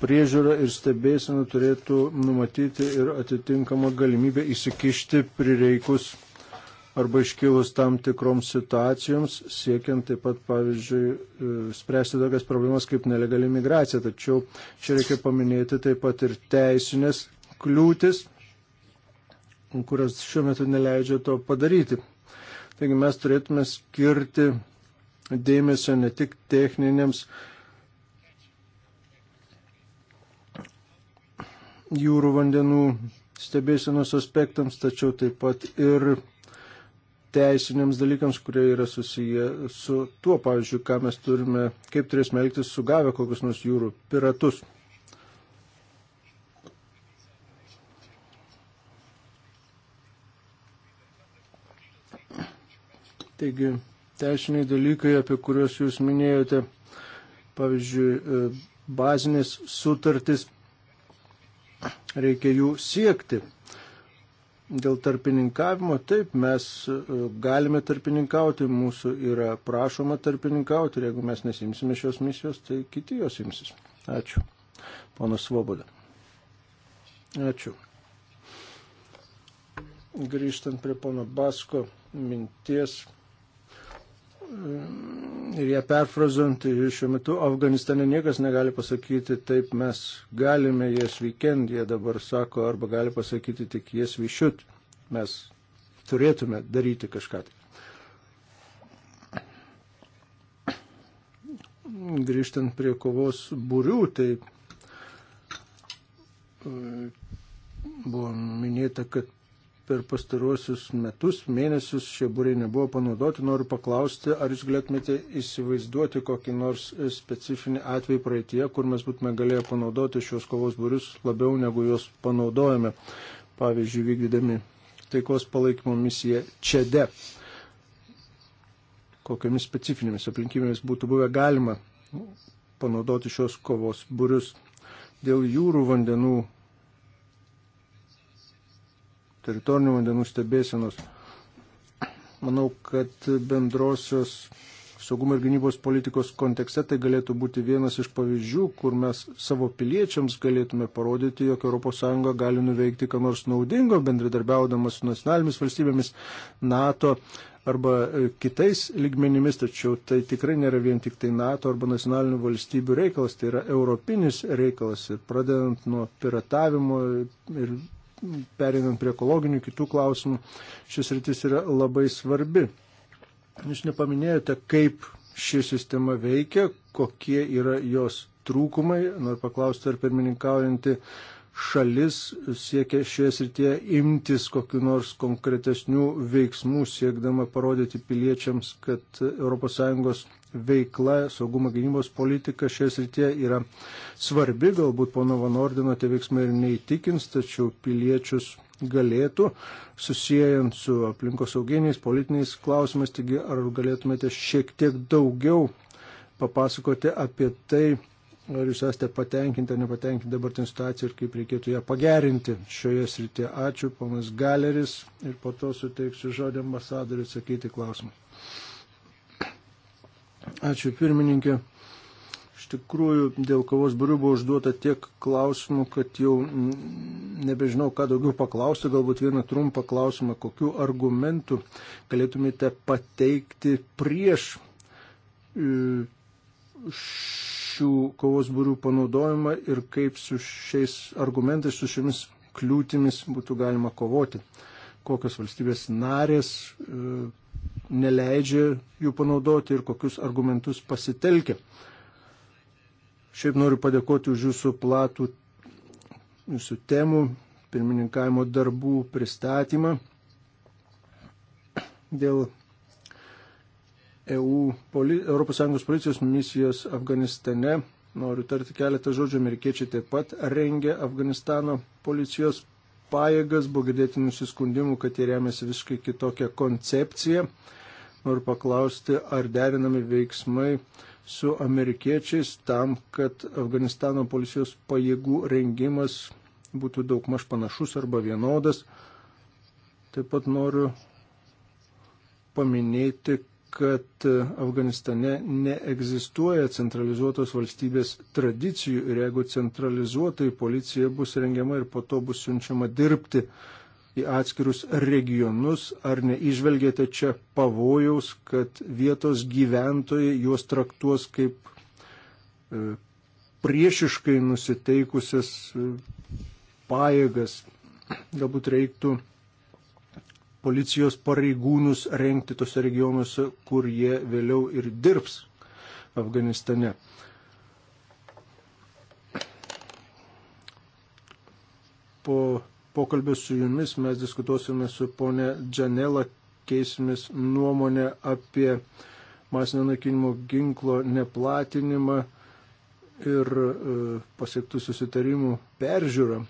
priežiūra ir stebėsena turėtų numatyti ir atitinkamą galimybę įsikišti prireikus arba iškilus tam tikroms situacijoms, siekiant taip pat, pavyzdžiui, e, spręsti tokias problemas kaip nelegali migracija. Tačiau čia reikia paminėti taip pat ir teisinės kliūtis, kurios šiuo metu neleidžia to padaryti. Taigi mes turėtume skirti dėmesio ne tik techninėms jūrų vandenų stebėsenos aspektams, tačiau taip pat ir teisiniams dalykams, kurie yra susiję su tuo, pavyzdžiui, ką mes turime, kaip turėsime elgtis sugavę kokius nors jūrų piratus. Taigi, teisiniai dalykai, apie kuriuos jūs minėjote, pavyzdžiui, e, bazinės sutartis, reikia jų siekti. Dėl tarpininkavimo, taip, mes e, galime tarpininkauti, mūsų yra prašoma tarpininkauti ir jeigu mes nesimsime šios misijos, tai kiti jos imsis. Ačiū. Ponas Svoboda. Ačiū. Grįžtant prie pono Basko minties, ir ją perfrazuojant, šiuo metu Afganistane niekas negali pasakyti, taip mes galime jas weekend, jie dabar sako, arba gali pasakyti tik jas višiut, mes turėtume daryti kažką. Tai. Grįžtant prie kovos būrių, tai e, buvo minėta, kad per pastaruosius metus, mėnesius šie būriai nebuvo panaudoti. Noriu paklausti, ar jūs galėtumėte įsivaizduoti kokį nors specifinį atvejį praeitie, kur mes būtume galėję panaudoti šios kovos būrius labiau negu juos panaudojame, pavyzdžiui, vykdydami taikos palaikymo misiją Čede. Kokiamis specifinėmis aplinkybėmis būtų buvę galima panaudoti šios kovos būrius dėl jūrų vandenų teritorinių vandenų stebėsenos. Manau, kad bendrosios saugumo ir gynybos politikos kontekste tai galėtų būti vienas iš pavyzdžių, kur mes savo piliečiams galėtume parodyti, jog ES gali nuveikti ką nors naudingo, bendradarbiaudama su nacionalinėmis valstybėmis, NATO arba e, kitais lygmenimis, tačiau tai tikrai nėra vien tik tai NATO arba nacionalinių valstybių reikalas, tai yra europinis reikalas ir pradedant nuo piratavimo ir perinant prie ekologinių kitų klausimų, šis rytis yra labai svarbi. Jūs nepaminėjote, kaip ši sistema veikia, kokie yra jos trūkumai. Noriu paklausti, ar pirmininkaujanti šalis siekia šioje srityje imtis kokiu nors konkretesnių veiksmų, siekdama parodyti piliečiams, kad ES veikla, saugumo gynybos politika šioje srityje yra svarbi, galbūt pono Van Ordino tie veiksmai ir neįtikins, tačiau piliečius galėtų, susijęjant su aplinkos sauginiais, politiniais klausimais, taigi ar galėtumėte šiek tiek daugiau papasakoti apie tai, ar jūs esate patenkinti ar nepatenkinti dabartinį situaciją ir kaip reikėtų ją pagerinti šioje srityje. Ačiū, ponas Galeris, ir po to suteiksiu žodį ambasadoriui atsakyti klausimą. Ačiū pirmininkė. Iš tikrųjų, dėl kovos barių buvo užduota tiek klausimų, kad jau nebežinau, ką daugiau paklausti. Galbūt vieną trumpą klausimą, kokiu argumentu galėtumėte pateikti prieš e, šių kovos būrių panaudojimą ir kaip su šiais argumentais, su šiomis kliūtimis būtų galima kovoti. Kokios valstybės narės e, neleidžia jų panaudoti ir kokius argumentus pasitelkia. Šiaip noriu padėkoti už jūsų platų, jūsų temų, pirmininkavimo darbų pristatymą dėl EU, poli, ES policijos misijos Afganistane. Noriu tarti keletą žodžių, amerikiečiai taip pat rengia Afganistano policijos pajėgas, buvo girdėti nusiskundimų, kad jie remiasi visiškai kitokią koncepciją. Noriu paklausti, ar derinami veiksmai su amerikiečiais tam, kad Afganistano policijos pajėgų rengimas būtų daug maž panašus arba vienodas. Taip pat noriu paminėti, kad Afganistane neegzistuoja centralizuotos valstybės tradicijų ir jeigu centralizuotai policija bus rengiama ir po to bus siunčiama dirbti į atskirus regionus, ar neižvelgėte čia pavojaus, kad vietos gyventojai juos traktuos kaip e, priešiškai nusiteikusias e, pajėgas. Galbūt reiktų policijos pareigūnus renkti tose regionuose, kur jie vėliau ir dirbs Afganistane. Po pokalbio su jumis mes diskutuosime su ponė Džanela, keisimės nuomonę apie masinio naikinimo ginklo neplatinimą ir e, pasiektų susitarimų peržiūrą.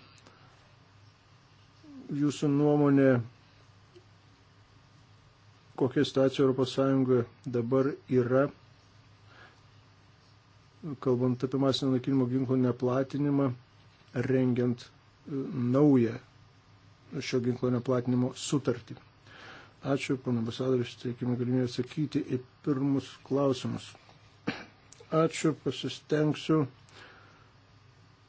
Jūsų nuomonė kokia situacija ES dabar yra, kalbant apie masinio naikinimo ginklų neplatinimą, rengiant e, naują šio ginklo neplatinimo sutartį. Ačiū, pana ambasadorius, teikime galimybę atsakyti į pirmus klausimus. Ačiū, pasistengsiu,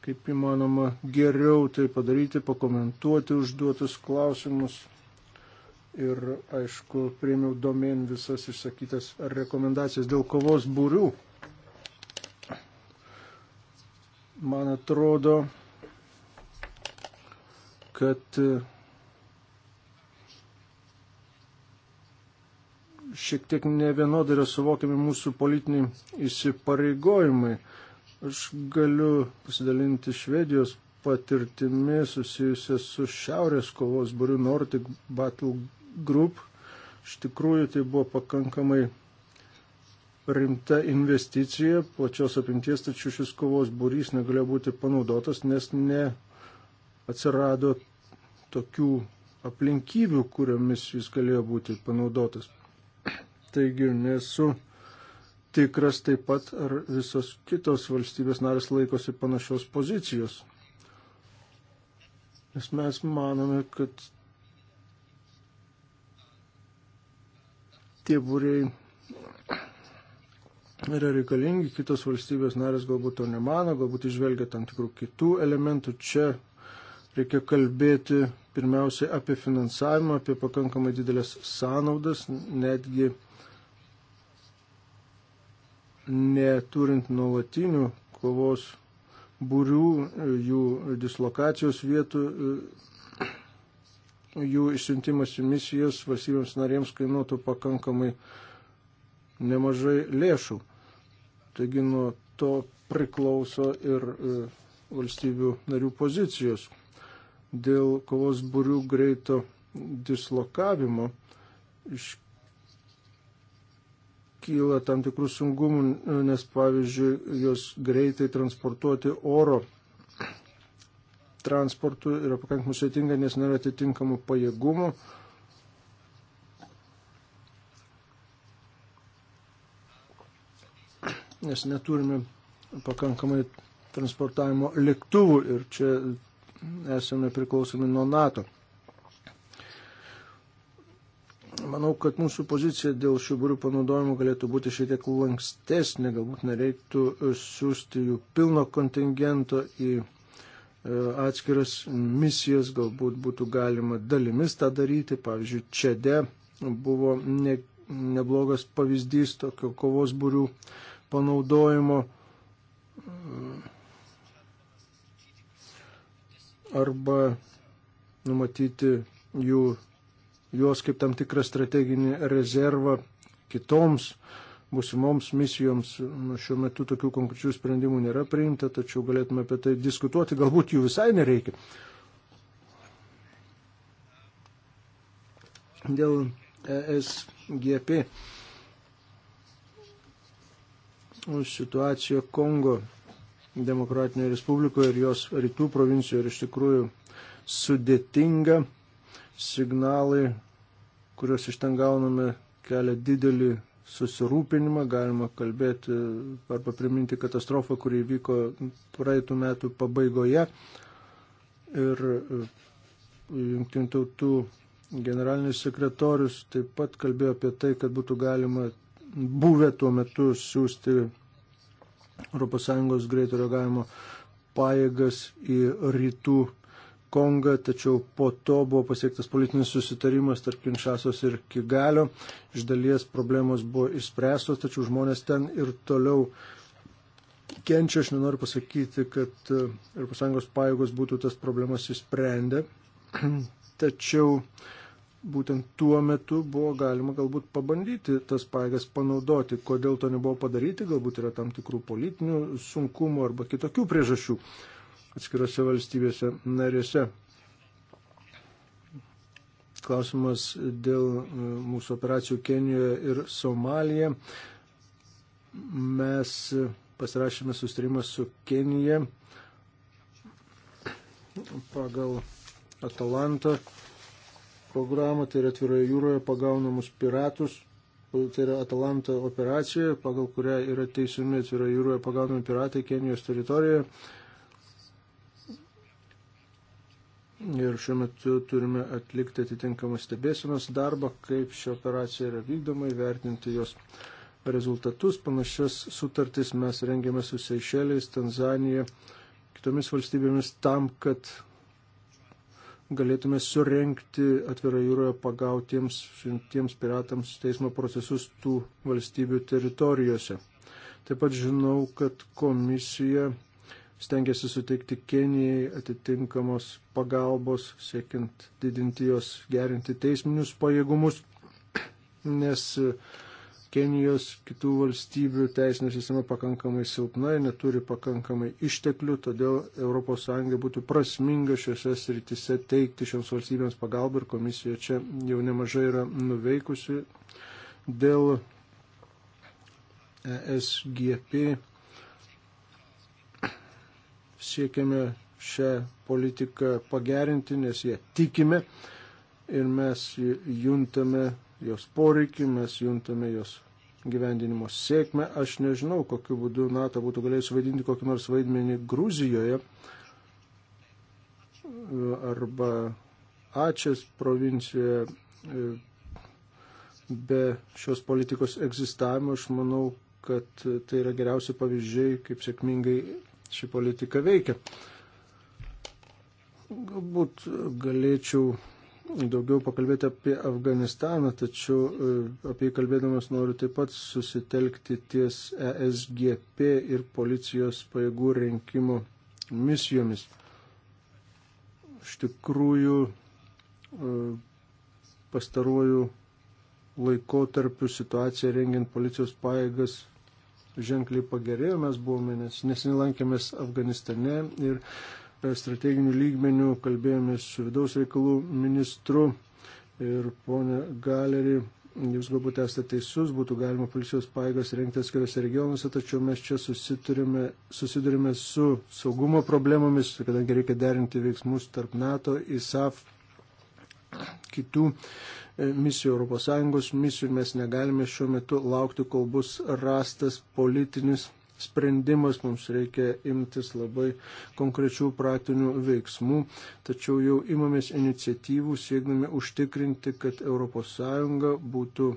kaip įmanoma, geriau tai padaryti, pakomentuoti užduotus klausimus ir, aišku, priėmiau domen visas išsakytas rekomendacijas dėl kovos būrių. Man atrodo, kad šiek tiek nevienodai yra suvokiami mūsų politiniai įsipareigojimai. Aš galiu pasidalinti Švedijos patirtimi susijusia su šiaurės kovos būriu Nordic Battle Group. Iš tikrųjų, tai buvo pakankamai rimta investicija, plačios apimties, tačiau šis kovos būrys negalėjo būti panaudotas, nes ne atsirado tokių aplinkybių, kuriomis jis galėjo būti panaudotas. Taigi nesu tikras taip pat, ar visos kitos valstybės narės laikosi panašios pozicijos. Nes mes manome, kad tie būriai yra reikalingi, kitos valstybės narės galbūt to nemano, galbūt išvelgia tam tikrų kitų elementų. Čia reikia kalbėti pirmiausiai apie finansavimą, apie pakankamai didelės sąnaudas, netgi neturint nuolatinių kovos būrių, jų dislokacijos vietų jų išsiuntimas į misijas valstybėms narėms kainuotų pakankamai nemažai lėšų. Taigi nuo to priklauso ir e, valstybių narių pozicijos. Dėl kovos būrių greito dislokavimo iškyla tam tikrų sungumų, nes pavyzdžiui, jos greitai transportuoti oro transportu yra pakankamai sudėtinga, nes nėra atitinkamų pajėgumų. Nes neturime pakankamai transportavimo lėktuvų ir čia esame priklausomi nuo NATO. Manau, kad mūsų pozicija dėl šių būrių panaudojimo galėtų būti šiek tiek lankstesnė, galbūt nereiktų siūsti jų pilno kontingento į E, atskiras misijas, galbūt būtų galima dalimis tą daryti. Pavyzdžiui, Čede buvo ne, neblogas pavyzdys tokio kovos būrių panaudojimo. Arba numatyti jų, juos kaip tam tikrą strateginį rezervą kitoms uh, busimoms misijoms. Šiuo metu tokių konkrečių sprendimų nėra priimta, tačiau galėtume apie tai diskutuoti, galbūt jų visai nereikia. Dėl ESGP situacija Kongo Demokratinėje Respublikoje ir jos rytų provincijoje ir iš tikrųjų sudėtinga. Signalai, kuriuos iš ten gauname, kelia didelį susirūpinimą, galima kalbėti arba priminti katastrofą, kuri vyko praeitų metų pabaigoje. Ir e, jungtinių tautų generalinis sekretorius taip pat kalbėjo apie tai, kad būtų galima buvę tuo metu siūsti ES greito reagavimo pajėgas į rytų Kongą, tačiau po to buvo pasiektas politinis susitarimas tarp Kinšasos ir Kigalio. Iš dalies problemos buvo išspręstos, tačiau žmonės ten ir toliau kenčia. Aš nenoriu pasakyti, kad ES pajėgos būtų tas problemas išsprendę, tačiau būtent tuo metu buvo galima galbūt pabandyti tas pajėgas panaudoti. Kodėl to nebuvo padaryti, galbūt yra tam tikrų politinių sunkumų arba kitokių priežasčių atskirose valstybėse narėse. Klausimas dėl e, mūsų operacijų Kenijoje ir Somalija. Mes e, pasirašėme sustarimą su Kenija pagal Atalantą programą, tai yra atviroje jūroje pagaunamus piratus, tai yra Atalanta operacija, pagal kurią yra teisiami atviroje jūroje pagaunami piratai Kenijos teritorijoje. Ir šiuo metu turime atlikti atitinkamą stebėsinos darbą, kaip ši operacija yra vykdoma, įvertinti jos rezultatus. Panašias sutartis mes rengėme su Seišeliais, Tanzanija, kitomis valstybėmis tam, kad galėtume surenkti atvirą jūroje pagautiems šimtiems piratams teismo procesus tų valstybių teritorijose. Taip pat žinau, kad komisija stengiasi suteikti Kenijai atitinkamos pagalbos, siekiant didinti jos, gerinti teisminius pajėgumus, nes Kenijos kitų valstybių teisinė sistema pakankamai silpna ir neturi pakankamai išteklių, todėl ES būtų prasminga šiuose srityse teikti šioms valstybėms pagalbą ir komisija čia jau nemažai yra nuveikusi dėl ESGP siekiame šią politiką pagerinti, nes ją tikime ir mes juntame jos poreikį, mes juntame jos gyvendinimo sėkmę. Aš nežinau, kokiu būdu NATO būtų galėjęs vaidinti kokį nors vaidmenį Gruzijoje arba Ačias provincijoje. E, be šios politikos egzistavimo aš manau, kad tai yra geriausi pavyzdžiai, kaip sėkmingai ši politika veikia. Galbūt galėčiau daugiau pakalbėti apie Afganistaną, tačiau e, apie jį kalbėdamas noriu taip pat susitelkti ties ESGP ir policijos pajėgų rinkimo misijomis. Iš tikrųjų, e, pastaruoju laikotarpiu situacija rengiant policijos pajėgas ženkliai pagerėjo. Mes buvome nesiniai lankėmės Afganistane ir e, strateginių lygmenių kalbėjomės su vidaus reikalų ministru ir ponė Galerį. Jūs galbūt esate teisus, būtų galima policijos paėgas rengti atskiriuose regionuose, tačiau mes čia susidurime, susidurime su saugumo problemomis, kadangi reikia derinti veiksmus tarp NATO, ISAF, kitų misijų, ES misijų. Mes negalime šiuo metu laukti, kol bus rastas politinis sprendimas, mums reikia imtis labai konkrečių praktinių veiksmų, tačiau jau imamės iniciatyvų siekdami užtikrinti, kad ES būtų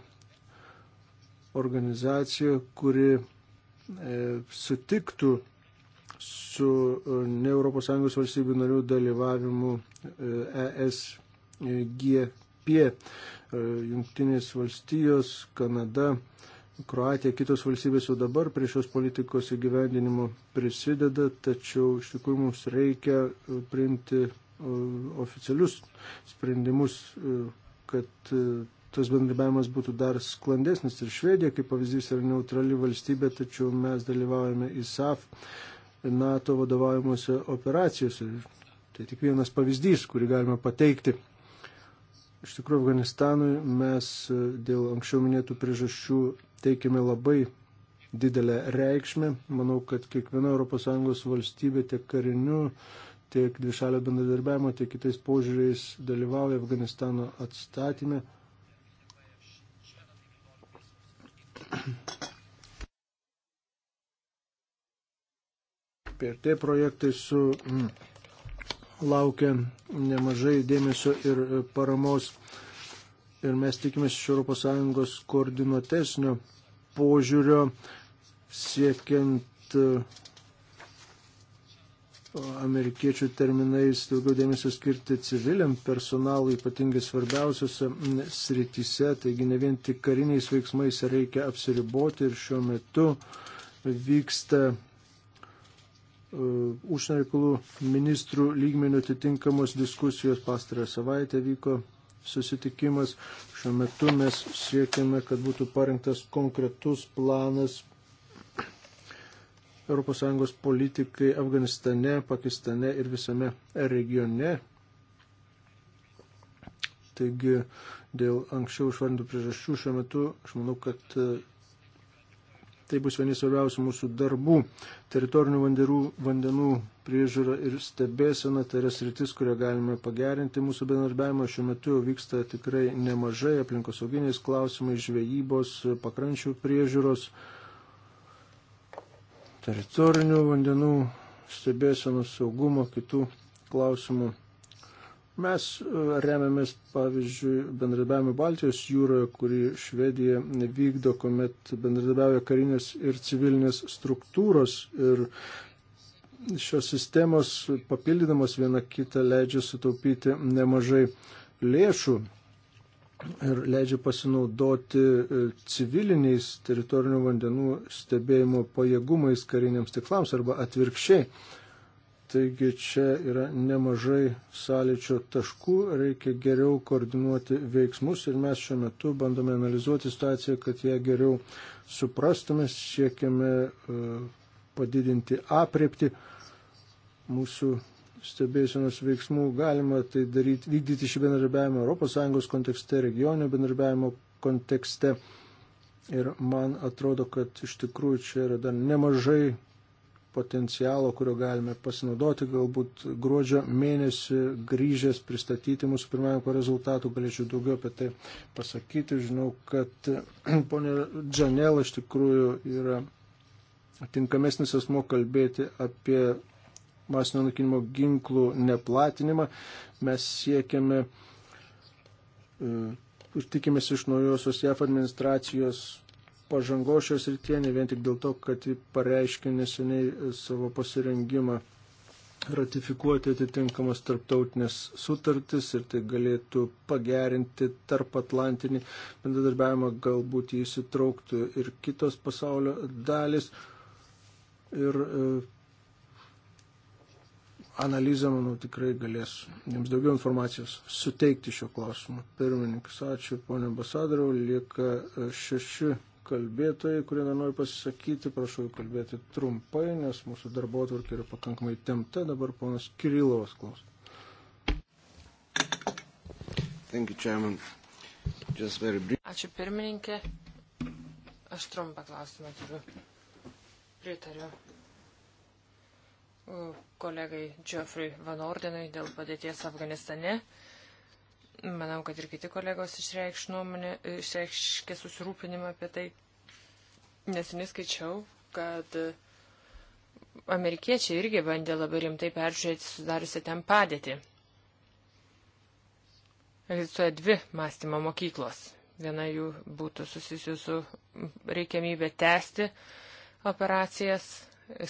organizacija, kuri e, sutiktų su e, ne ES valstybių narių dalyvavimu ES e G apie e, Junktinės valstijos, Kanada, Kroatija, kitos valstybės jau dabar prie šios politikos įgyvendinimo prisideda, tačiau iš tikrųjų mums reikia e, priimti e, oficialius sprendimus, kad tas bendrabiavimas būtų dar sklandesnis. Ir Švedija, kaip pavyzdys, yra neutrali valstybė, tačiau mes dalyvaujame ISAF NATO vadovaujamuose operacijose. Tai tik vienas pavyzdys, kurį galime pateikti. Iš tikrųjų, Afganistanui mes e, dėl anksčiau minėtų priežasčių teikime labai didelę reikšmę. Manau, kad kiekviena ES valstybė tiek kariniu, tiek dvišalio bendradarbiavimo, tiek kitais požiūriais dalyvauja Afganistano atstatymė. PRT projektai su mm, laukia nemažai dėmesio ir e, paramos. Ir mes tikimės iš ES koordinuotesnio požiūrio siekiant e, amerikiečių terminais daugiau dėmesio skirti civiliam personalui, ypatingai svarbiausiose srityse, taigi ne vien tik kariniais veiksmais reikia apsiriboti ir šiuo metu vyksta Uh, užsienio reikalų ministrų lygmenių atitinkamos diskusijos pastarą savaitę vyko susitikimas. Šiuo metu mes siekiame, kad būtų parengtas konkretus planas ES politikai Afganistane, Pakistane ir visame regione. Taigi dėl anksčiau išvardintų priežasčių šiuo metu aš manau, kad uh, Tai bus vienas svarbiausių mūsų darbų. Teritorinių vandenų, vandenų priežiūra ir stebėsena tai yra sritis, kurią galime pagerinti. Mūsų bendarbiavimo šiuo metu vyksta tikrai nemažai aplinkosauginiais klausimais, žvejybos, pakrančių priežiūros, teritorinių vandenų stebėsenos saugumo, kitų klausimų. Mes e, remiamės, pavyzdžiui, bendradarbiavimu Baltijos jūroje, kurį Švedija vykdo, kuomet bendradarbiauja karinės ir civilinės struktūros ir šios sistemos papildydamos viena kitą leidžia sutaupyti nemažai lėšų ir leidžia pasinaudoti e, civiliniais teritorinių vandenų stebėjimo pajėgumais kariniams tiklams arba atvirkščiai Taigi čia yra nemažai sąlyčio taškų, reikia geriau koordinuoti veiksmus ir mes šiuo metu bandome analizuoti situaciją, kad ją geriau suprastume, siekiame e, padidinti apriepti mūsų stebėsenos veiksmų. Galima tai daryti, vykdyti šį bendradarbiavimą ES kontekste, regioninio bendradarbiavimo kontekste. Ir man atrodo, kad iš tikrųjų čia yra dar nemažai potencialo, kurio galime pasinaudoti. Galbūt gruodžio mėnesį grįžęs pristatyti mūsų pirmininko rezultatų galėčiau daugiau apie tai pasakyti. Žinau, kad ponė Džanel iš tikrųjų yra tinkamesnis asmo kalbėti apie masinio nukinimo ginklų neplatinimą. Mes siekiame ir e, tikimės iš naujosios JAF administracijos pažangos šios rytie, ne vien tik dėl to, kad ji pareiškė neseniai e, savo pasirengimą ratifikuoti atitinkamas tarptautinės sutartis ir tai galėtų pagerinti tarp Atlantinį bendradarbiavimą, galbūt jį įsitrauktų ir kitos pasaulio dalis. Ir e, analizę, manau, tikrai galės jums daugiau informacijos suteikti šio klausimu. Pirmininkas, ačiū, ponė ambasadoriau, lieka e, šeši kalbėtojai, kurie dar nori pasisakyti, prašau kalbėti trumpai, nes mūsų darbo atvarkė yra pakankamai temta. Dabar ponas Kirilovas klaus. Ačiū pirmininkė. Aš trumpą klausimą turiu. Pritariu uh, kolegai Geoffrey Van Ordenui dėl padėties Afganistane. Uh, Manau, kad ir kiti kolegos išreikš nuomonę, išreikškė susirūpinimą apie tai. Neseniai skaičiau, kad amerikiečiai irgi bandė labai rimtai peržiūrėti sudariusią ten padėtį. Egzistuoja dvi mąstymo mokyklos. Viena jų būtų susijusi su reikiamybė tęsti operacijas,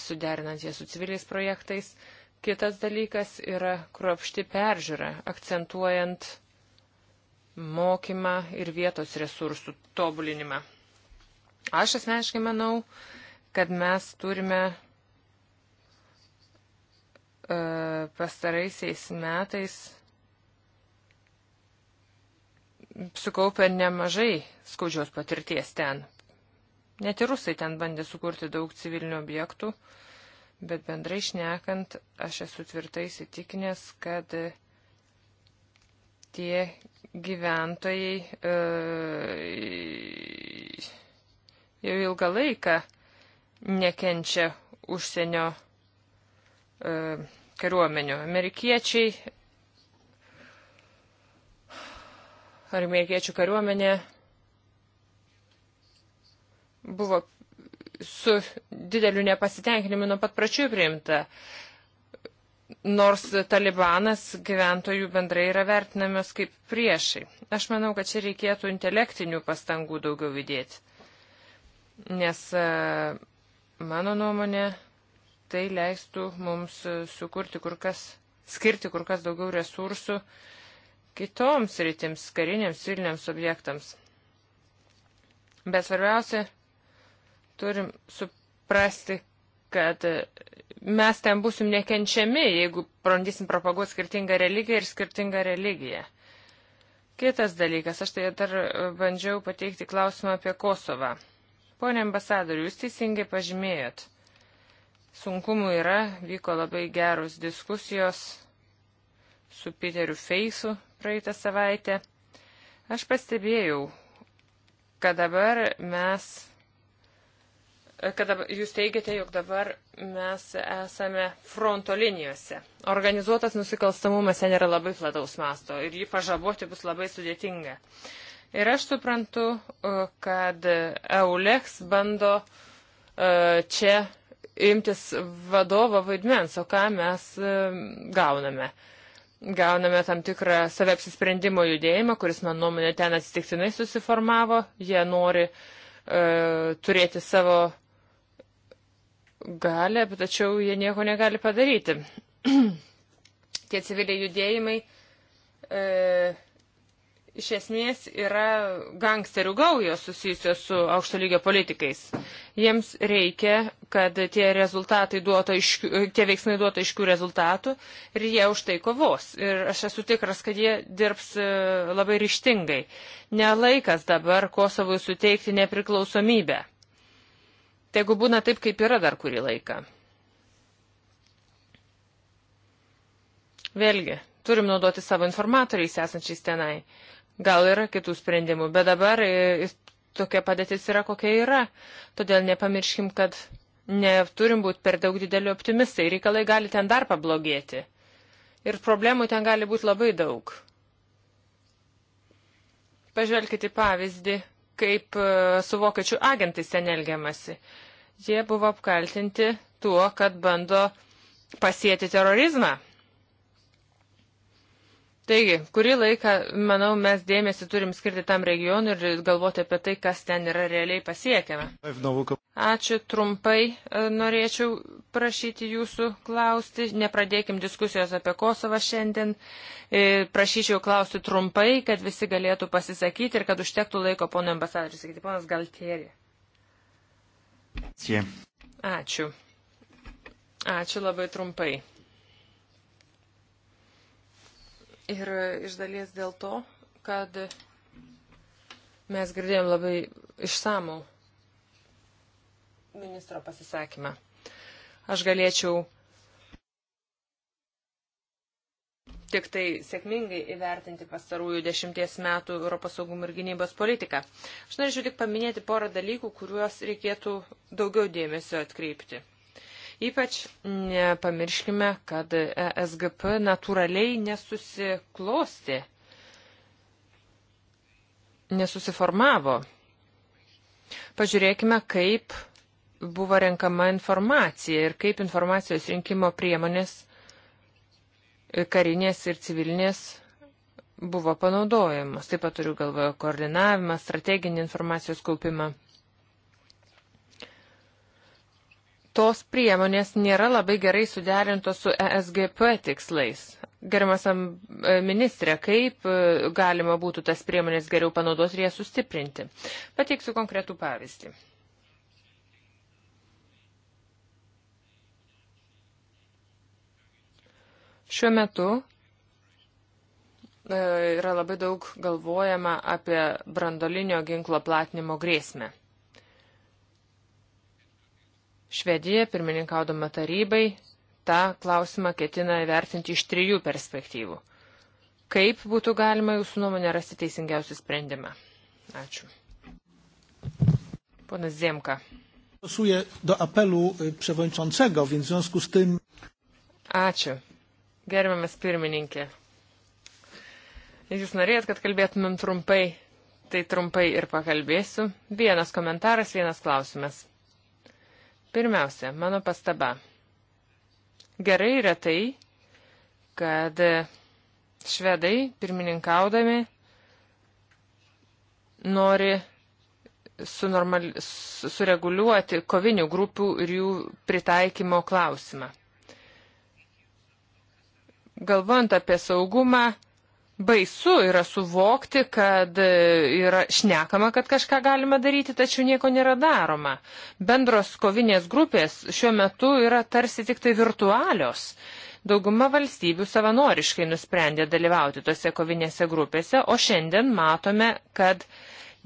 suderinant jas su civiliais projektais. Kitas dalykas yra kruopšti peržiūra, akcentuojant uh, mokymą ir vietos resursų tobulinimą. Aš asmeniškai manau, kad mes turime e, pastaraisiais metais sukaupę nemažai skaudžios patirties ten. Net ir rusai ten bandė sukurti daug civilinių objektų, bet bendrai šnekant, aš esu tvirtai įsitikinęs, kad tie gyventojai e, jau ilgą laiką nekenčia užsienio e, kariuomenių. Amerikiečiai ar amerikiečių kariuomenė buvo su dideliu nepasitenkinimu nuo pat pračių priimta. E, nors talibanas gyventojų bendrai yra vertinamas kaip priešai. Aš manau, kad čia reikėtų intelektinių pastangų daugiau įdėti. Nes e, mano nuomonė, tai leistų mums sukurti kur kas, skirti kur kas daugiau resursų kitoms rytims, kariniams, civiliniams objektams. Bet svarbiausia, turim suprasti, kad mes ten busim nekenčiami, jeigu bandysim propaguoti skirtingą religiją ir skirtingą religiją. Kitas dalykas, aš tai dar bandžiau pateikti klausimą apie Kosovą. Pone ambasadoriu, jūs teisingai pažymėjot. Sunkumų yra, vyko labai geros diskusijos su Piteriu Feisu praeitą savaitę. Aš pastebėjau, kad dabar mes kad jūs teigiate, jog dabar mes esame fronto linijose. Organizuotas nusikalstamumas ten yra labai plataus masto ir jį pažaboti bus labai sudėtinga. Ir aš suprantu, kad Euleks bando e, čia imtis vadovo vaidmens, o ką mes e, gauname. Gauname tam tikrą savepsisprendimo judėjimą, kuris, man nuomonė, ten atsitiktinai susiformavo. Jie nori uh, turėti savo galę, tačiau jie nieko negali padaryti. Tie civiliai judėjimai e, iš esmės yra gangsterių gaujos susijusios su aukšto lygio politikais. Jiems reikia, kad tie, duoto iškių, e, tie veiksmai duotų iškių rezultatų ir jie už tai kovos. Ir aš esu tikras, kad jie dirbs e, labai ryštingai. Nelaikas dabar Kosovui suteikti nepriklausomybę Tegu būna taip, kaip yra dar kurį laiką. Vėlgi, turim naudoti savo informatoriais esančiais tenai. Gal yra kitų sprendimų, bet dabar e, e, tokia padėtis yra, kokia yra. Todėl nepamirškim, kad neturim būti per daug dideli optimistai. Reikalai gali ten dar pablogėti. Ir problemų ten gali būti labai daug. Pažvelkite pavyzdį, kaip e, su vokiečių agentais ten elgiamasi. Jie buvo apkaltinti tuo, kad bando pasėti terorizmą. Taigi, kurį laiką, manau, mes dėmesį turim skirti tam regionui ir galvoti apie tai, kas ten yra realiai pasiekiama. Ačiū trumpai, e, norėčiau prašyti jūsų klausti. Nepradėkim diskusijos apie Kosovą šiandien. E, prašyčiau klausti trumpai, kad visi galėtų pasisakyti ir kad užtektų laiko ponui ambasadoriui sakyti. Ponas Galtieri. Ačiū. Ačiū labai trumpai. Ir iš dalies dėl to, kad mes girdėjom labai išsamų ministro pasisakymą. Aš galėčiau tik tai sėkmingai įvertinti pastarųjų dešimties metų Europos saugumo ir gynybos politiką. Aš norėčiau tik paminėti porą dalykų, kuriuos reikėtų daugiau dėmesio atkreipti. Ypač nepamirškime, kad ESGP natūraliai nesusiklosti, nesusiformavo. Pažiūrėkime, kaip buvo renkama informacija ir kaip informacijos rinkimo priemonės karinės ir civilinės buvo panaudojamos. Taip pat turiu galvoje koordinavimą, strateginį informacijos kaupimą. tos priemonės nėra labai gerai suderintos su ESGP tikslais. Gerimas e, ministrė, kaip e, galima būtų tas priemonės geriau panaudoti ir jas sustiprinti? Pateiksiu konkretų pavyzdį. Šiuo metu e, yra labai daug galvojama apie brandolinio ginklo platinimo grėsmę. Švedija, pirmininkaudama tarybai, tą klausimą ketina vertinti iš trijų perspektyvų. Kaip būtų galima jūsų nuomonė rasti teisingiausią sprendimą? Ačiū. Ponas Ziemka. Stosuję do apelu przewodniczącego, więc w związku z tym. Ačiū. Gerbiamas pirmininkė. Jūs norėjot, kad kalbėtumėm trumpai, tai trumpai ir pakalbėsiu. Vienas komentaras, vienas klausimas. Pirmiausia, mano pastaba. Gerai yra tai, kad švedai pirmininkaudami nori sunormal, sureguliuoti kovinių grupių ir jų pritaikymo klausimą. Galvojant apie saugumą, baisu yra suvokti, kad e, yra šnekama, kad kažką galima daryti, tačiau nieko nėra daroma. Bendros kovinės grupės šiuo metu yra tarsi tik tai virtualios. Dauguma valstybių savanoriškai nusprendė dalyvauti tose kovinėse grupėse, o šiandien matome, kad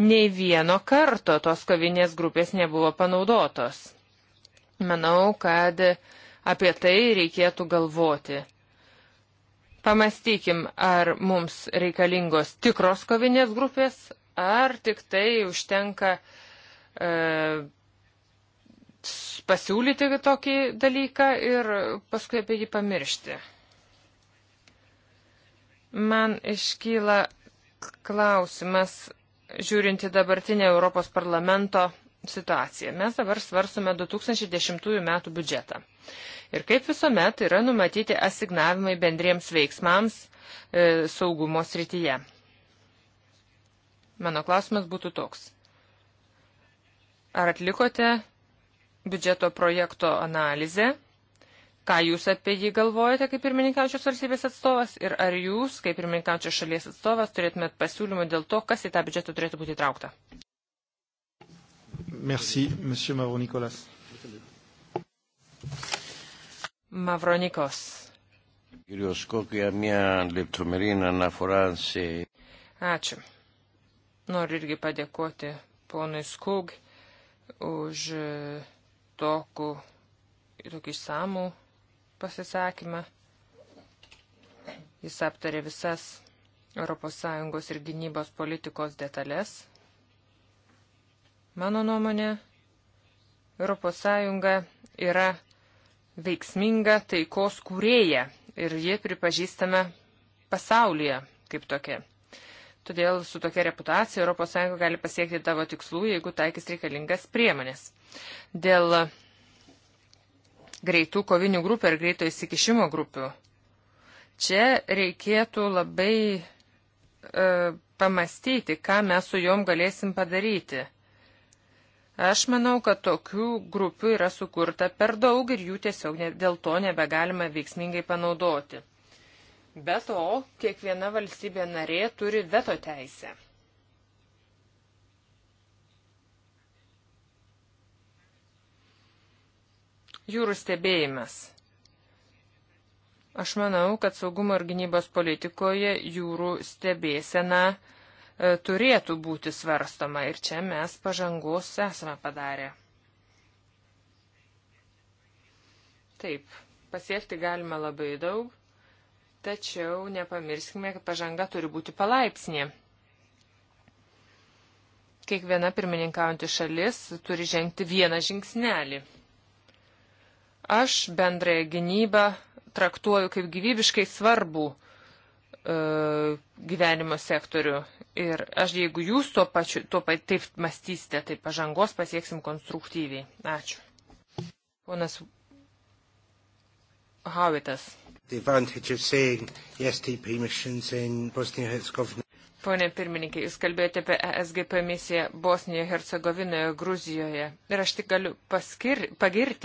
nei vieno karto tos kovinės grupės nebuvo panaudotos. Manau, kad apie tai reikėtų galvoti. Pamastykim, ar mums reikalingos tikros kovinės grupės, ar tik tai užtenka e, pasiūlyti tokį dalyką ir paskui apie jį pamiršti. Man iškyla klausimas, žiūrinti dabartinę Europos parlamento situaciją. Mes dabar svarsome 2010 m. biudžetą. Ir kaip visuomet yra numatyti asignavimai bendriems veiksmams e, saugumo srityje. Mano klausimas būtų toks. Ar atlikote biudžeto projekto analizę? Ką jūs apie jį galvojate kaip pirmininkaučios valstybės atstovas ir ar jūs kaip pirmininkaučios šalies atstovas turėtumėt pasiūlymų dėl to, kas į tą biudžetą turėtų būti įtraukta? Merci, monsieur Mavro Nikolas. Mavronikos. Ačiū. Noriu irgi padėkoti ponui Skug už e, tokų, tokį samų pasisakymą. Jis aptarė visas ES ir gynybos politikos detalės. Mano nuomonė, ES yra veiksminga taikos kūrėja ir ji pripažįstame pasaulyje kaip tokia. Todėl su tokia reputacija ES gali pasiekti tavo tikslų, jeigu taikys reikalingas priemonės. Dėl greitų kovinių grupių ir greito įsikišimo grupių. Čia reikėtų labai e, pamastyti, ką mes su juom galėsim padaryti. Aš manau, kad tokių grupių yra sukurta per daug ir jų tiesiog ne, dėl to nebegalima veiksmingai panaudoti. Be to, kiekviena valstybė narė turi veto teisę. Jūrų stebėjimas. Aš manau, kad saugumo ir gynybos politikoje jūrų stebėsena E, turėtų būti svarstoma ir čia mes pažangos esame padarę. Taip, pasiekti galima labai daug, tačiau nepamirskime, kad pažanga turi būti palaipsnė. Kiekviena pirmininkaujanti šalis turi žengti vieną žingsnelį. Aš bendrąją gynybą traktuoju kaip gyvybiškai svarbų e, gyvenimo sektorių Ir aš, jeigu jūs tuo pačiu, tuo pat, taip mąstysite, tai pažangos pasieksim konstruktyviai. Ačiū. Ponas Havitas. Pone pirmininkė, jūs kalbėjote apie ESGP misiją Bosnijoje, Hercegovinoje, Gruzijoje. Ir aš tik galiu paskir, pagirti